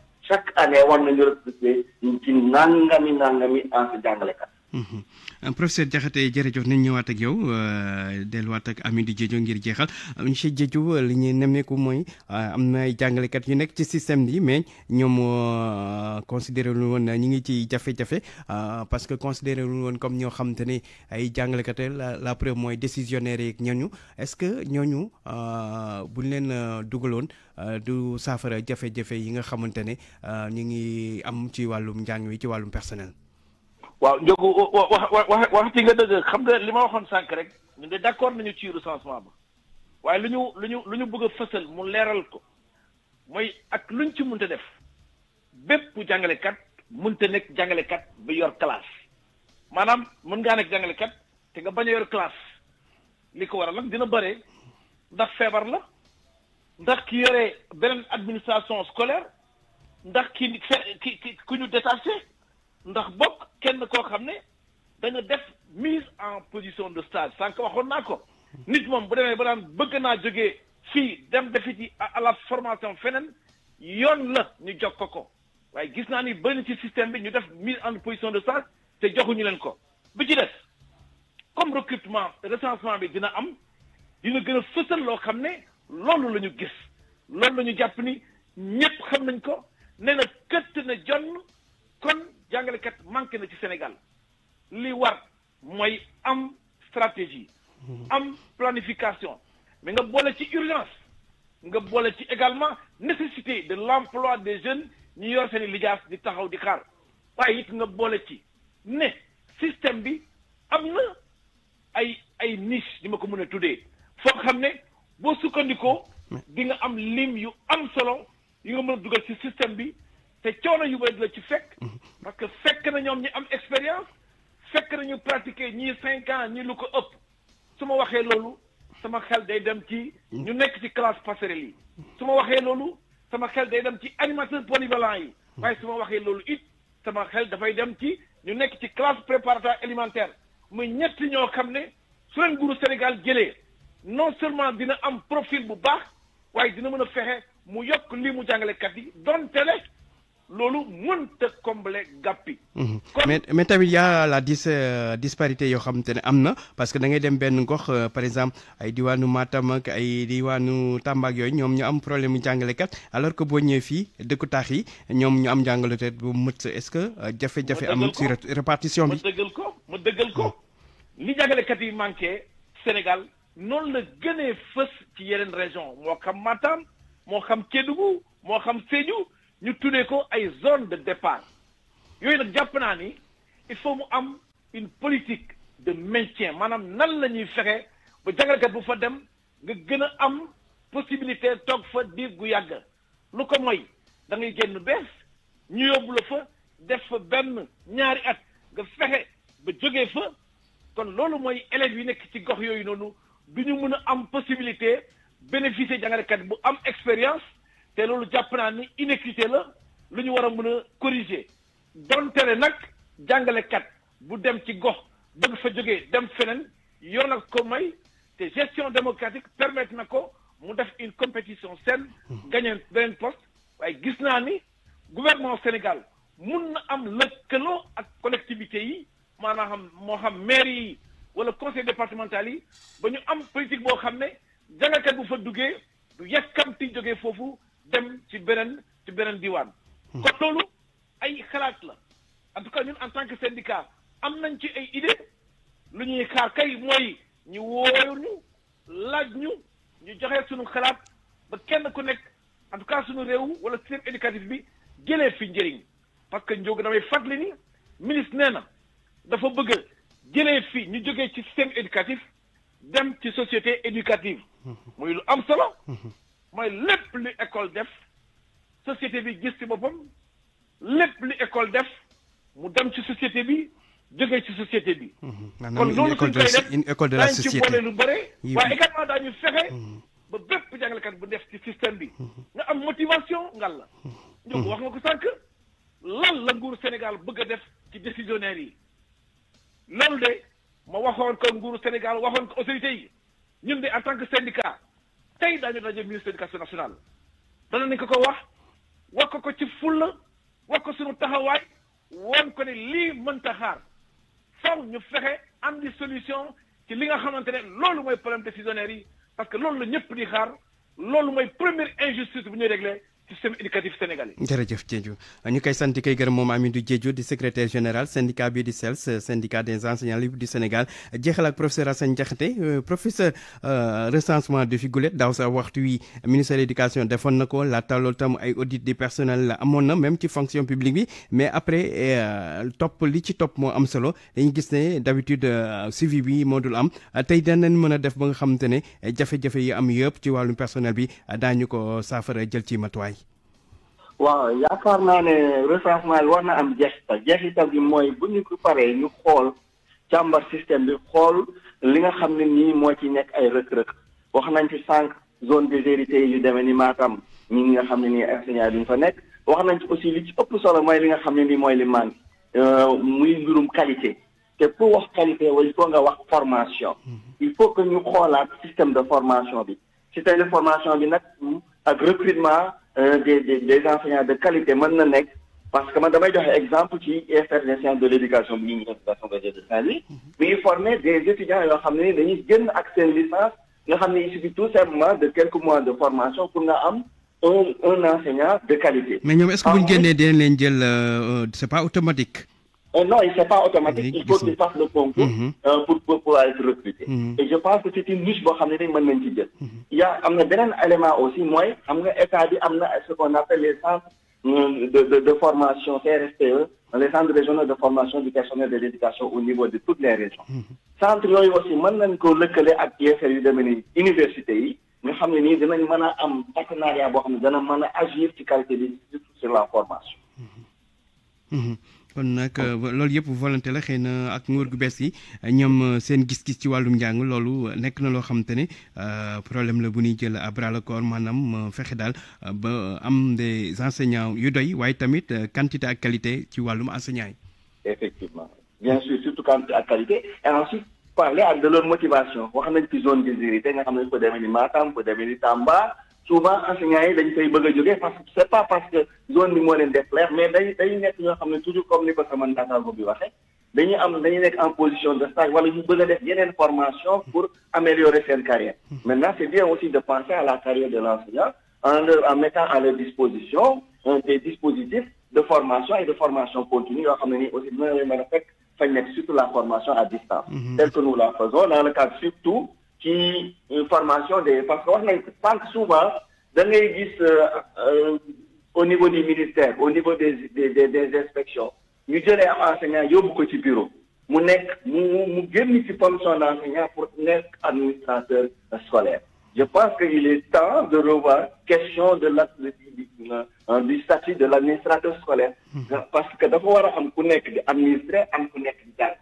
chaque année wonno ndir nangami nangami en ah, jangalekat Mm-hmm. Euh, professeur Diakhaté jërëjëf nañ ñëwaat ak yow euh, delluwaat ak di Diédhiou ngir jeexal euh, monsieur Diédhiou li ñuy nemmeeku mooy am na ay jàngalekat yu nekk ci système bi mais ñoom considéré lu woon ñu ngi ci jafe-jafe parce que considéré lu woon comme ñoo xam te ay jàngalekat la la preuve mooy décisionnaire yeeg ñooñu est-ce que ñoo ñooñu buñ leen dugaloon du saafara jafe-jafe yi nga xamante ne ñu ngi am ci wàllum njàng wi ci wàllum personnel. waaw Ndiogou wax wax wax ci nga dëgg xam nga li ma waxoon sànq rek ñu de d'accord nañu ci recensement ba waaye lu ñu lu ñu lu ñu bëgg a fësal mu leeral ko mooy ak luñ ci mënta def bépp jàngalekat mënta nekk jàngalekat bi yor classe maanaam mën ngaa nekk jàngalekat te nga bañ a yor classe li ko waral nag dina bare ndax feebar la ndax ki yore beneen administration scolaire ndax ki ki ki ku ñu détaché. ndax bokk kenn koo xam ne dana def mise en position de stage sànq waxoon naa ko nit moom bu demee ba daan bëgg naa jógee fii dem defi ci à la formation feneen yoon la ñu jog ko ko waaye gis naa ni bëri ci système bi ñu def mise en position de stage te joxuñu leen ko bi ci des comme recrutement recensement bi dina am dina gën a fësal loo xam ne loolu la ñu gis loolu la ñu jàpp ni ñëpp xam nañ ko nee na këtt na jonn kon jàngalekat manqué na ci Sénégal li war mooy am stratégie. am planification. mais nga boole ci urgence. nga boole ci également nécessité de l'emploi des jeunes ñu yor seen i lijaas di taxaw di xaar waaye it nga boole ci ne système bi am na ay ay niche ni ma ko mën a tuddee foo xam ne boo sukkandikoo. di nga am lim yu am solo yi nga mën a dugal ci système bi. te coono yu bëri la ci fekk. Mhm. parce que fekk na ñoom ñi am expérience fekk na ñu pratiquer ñii cinq ans ñi lu ko ëpp su ma waxee loolu sama xel day dem ci. Mhm. ñu nekk ci classe passerelle yi. su ma waxee loolu sama xel day dem ci animateur polyvalent yi. Mhm. waaye su ma waxee loolu it sama xel dafay dem ci ñu nekk ci classe préparatoire alimentaire muy ñetti ñoo xam ne su leen nguuru Sénégal jëlee non seulement dina am profil bu baax waaye dina mën a fexe mu yokk lii mu jàngalekat yi donte loolu mënta combler gàpp bi. Mhm. mais mais tamit yaa la dis euh, disparité yoo xamante ne am na parce que da ngay dem benn gox euh, par exemple ay diwaanu Matam ak ay diwaanu Tamba ak yooyu ñoom ñu am problème mu jàngalekat alors que boo ñëwee fii dëkku taax yi ñoom ñu am jàngalekat bu mët est-ce que euh, jafe-jafe am ci répartition bi ma dëggal ko ma dëggal ko mhm. ni jàngalekat yi manqué Sénégal noonu la gënee fës ci yeneen région moo xam Matam moo xam Kédougou moo xam Sédhiou ñu tuddee ko ay zone de départ yooyu nag jàpp naa ni il faut mu am une politique de maintien maanaam nan la ñuy fexe ba jàngalekat bu fa dem nga gën a am possibilité toog fa diir gu yàgg lu ko mooy da ngay génn bees ñu yóbbu la fa def fa benn ñaari at nga fexe ba jógee fa kon loolu mooy élèves yi nekk ci gox yooyu noonu du ñu mën a am possibilité bénéficier jàngalekat bu am expérience te loolu jàpp naa ni inéquité la lu ñu war a mën a corriger donte ne nag bu dem ci gox bëgg fa joggé dem feneen yoon ak ko may té gestion démocratique permettre nako mu def une compétition saine. gagné beneen poste way gis ni gouvernement Sénégal mun na am lëkkaloo ak collectivité, yi manam mo xam maire yi wala conseil départemental yi ba ñu am politique boo xam ne jàngalekat bu fa duggee du yakamti jógee foofu. dem ci beneen ci beneen diwaan. Hmm. kon loolu ay xalaat la en tout cas ñun en tant que syndicat am nañ ci ay idée lu ñuy xaar kay mooy ñu wóoruñu laaj ñu ñu joxe suñu xalaat ba kenn ku nekk en tout cas suñu réew wala système éducatif bi jëlee fi njëriñ parce que njóog damay fàttali ni ministre nee na dafa bëgg jëlee fi ñu jógee ci système éducatif dem ci société éducative hmm. muy lu am solo hmm. mooy lépp lu école def société bi gis ci boppam lépp lu école def mu dem ci société bi jóge ci société bi. Mhm. kon loolu suñ koy def une école de la société daañu ci boole lu bëre. waaye également daañu fexe. Mhm. ba bépp jàngalekat bu def ci système bi. Mhm. nga am motivation ngal la. ñoo wax nga ko sànq lan la nguuru Sénégal bëgg a def ci décisionnaire yi loolu de ma waxoon ko nguuru Sénégal waxoon ko autorité yi ñun de en tant que syndicat. tey daañu daje ministre éducation nationale dana nañ ko ko wax wax ko ko ci fulla wax ko suñu taxawaay wan ko ne lii mënta xaar faw ñu fexe am di solution ci li nga xamante ne loolu mooy problème décisionnaire yi parce que loolu la ñëpp di xaar loolu mooy première injustice bu ñuy réglé système éducatif sénégalais. jërëjëf Diédhiou ñu koy sant koy gërëm moom Amidou Diédhiou di secrétaire général syndicat bi di SELS syndicat des enseignants libres du Sénégal jeexal ak professeur Assane Diakhaté euh, professeur euh, recensement de Figulette Dans sa waxtu wi ministère de l'éducation defoon na ko laata loolu tam ay audit du personnel la amoon na même ci fonction publique bi mais après euh, top li ci top, moo am solo dañu gis ne d'habitude suivi bi moo dul am tey danañ mën a def ba nga xamante ne jafe-jafe yi am yëpp ci wàllum personnel bi daañu ko saafara jël ci matuwaay waaw yaakaar naa ne recensement bi war na am jeexital jeexital bi mooy bu ñu ko paree ñu xool càmbar système bi xool li nga xam ne nii moo ci nekk ay rëkk-rëkk wax nañ ci sànq zone de déshérité yu demee ni Matam ñi nga xam ne nii enseignant duñ fa nekk wax nañ ci aussi li ci ëpp solo mooy li nga xam ne nii mooy li manque euh, muy mbirum qualité te pour wax qualité wa il faut nga wax formation mm-hmm. il faut que ñu xoolaat système de formation bi système de formation bi nag ak recrutement euh, des des enseignants de qualité maintenant, parce que man damay un exemple qui est des de l'éducation bi de la de de Saint-Louis muy mhm. former des étudiants et xam ne dañuy génn accès licence nga il tout simplement de quelques mois de formation pour avoir un enseignant de qualité. mais est-ce que vous avez des leen jël euh, euh, c'est pas automatique. Oh non, ce n'est pas automatique. Il faut qu'il fasse le concours mhm. euh, pour, pouvoir être recruté. Mhm. Et je pense que c'est une niche pour les ne mhm. Il y a un élément aussi moi, am nga état ce qu'on appelle les centres euh, de, formation CRSPE, les centres régionaux de formation du personnel de l'éducation au niveau de toutes les régions. Mm centres aussi maintenant nañ ko lëkkale ak IFR yu demee université yi nga un partenariat pour agir ci sur la formation. kon nag euh, loolu yëpp volonté la xëy na ak nguur gu bees yi ñoom euh, seen gis-gis ci wàllum njàng loolu nekk na loo xamante ne euh, problème la bu ñuy jël à bras le corps maanaam fexe daal ba am des enseignants yu doy waaye tamit quantité ak qualité ci wàllum enseignants yi. effectivement bien sûr surtout quantité ak qualité et ensuite parler ak de leur motivation wax nañ ci zone de nga xam ne ko demee ni Matam ko demee ni Tamba. souvent enseignants yi dañ koy bëgg a parce que c'est pas parce que zone bi moo leen def mais dañ dañuy nekk ñoo xam toujours comme ni ko sama ndataango bi waxee dañuy am dañuy nekk en position de stage wala ñu bëgg a def yeneen formation pour améliorer seen carrière hmm. maintenant c'est bien aussi de penser à la carrière de l'enseignant en mettant à leur disposition euh, des dispositifs de formation et de formation continue yoo xam aussi dina leen fekk fañ nekk surtout la formation à distance ce hmm. que nous la faisons dans le cadre surtout ci formation des parce que wax nañ sànq souvent da ngay gis euh, euh, au niveau des ministère au niveau des des des inspections ñu jëlee am enseignant yóbbu ko ci bureau mu nekk mu mu génn ci fonction d'enseignant pour nekk administrateur scolaire je pense qu'il est temps de revoir question de la hein, du statut de l'administrateur scolaire mmh. parce que dafa war a am ku nekk di administrer am ku nekk di jàng.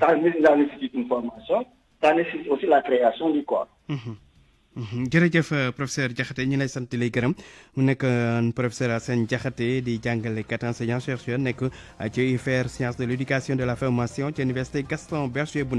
tant mmh. formation ça nécessite aussi la création du corps. Mhm. Mhm. jërëjëf euh, professeur Diakhaté ñu lay sant lay gërëm mu nekk euh, professeur Assane Diakhaté di jàngalekat enseignant chercheur nekk euh, ci UFR sciences de l'éducation éducation de la formation ci université Gaston Berger bu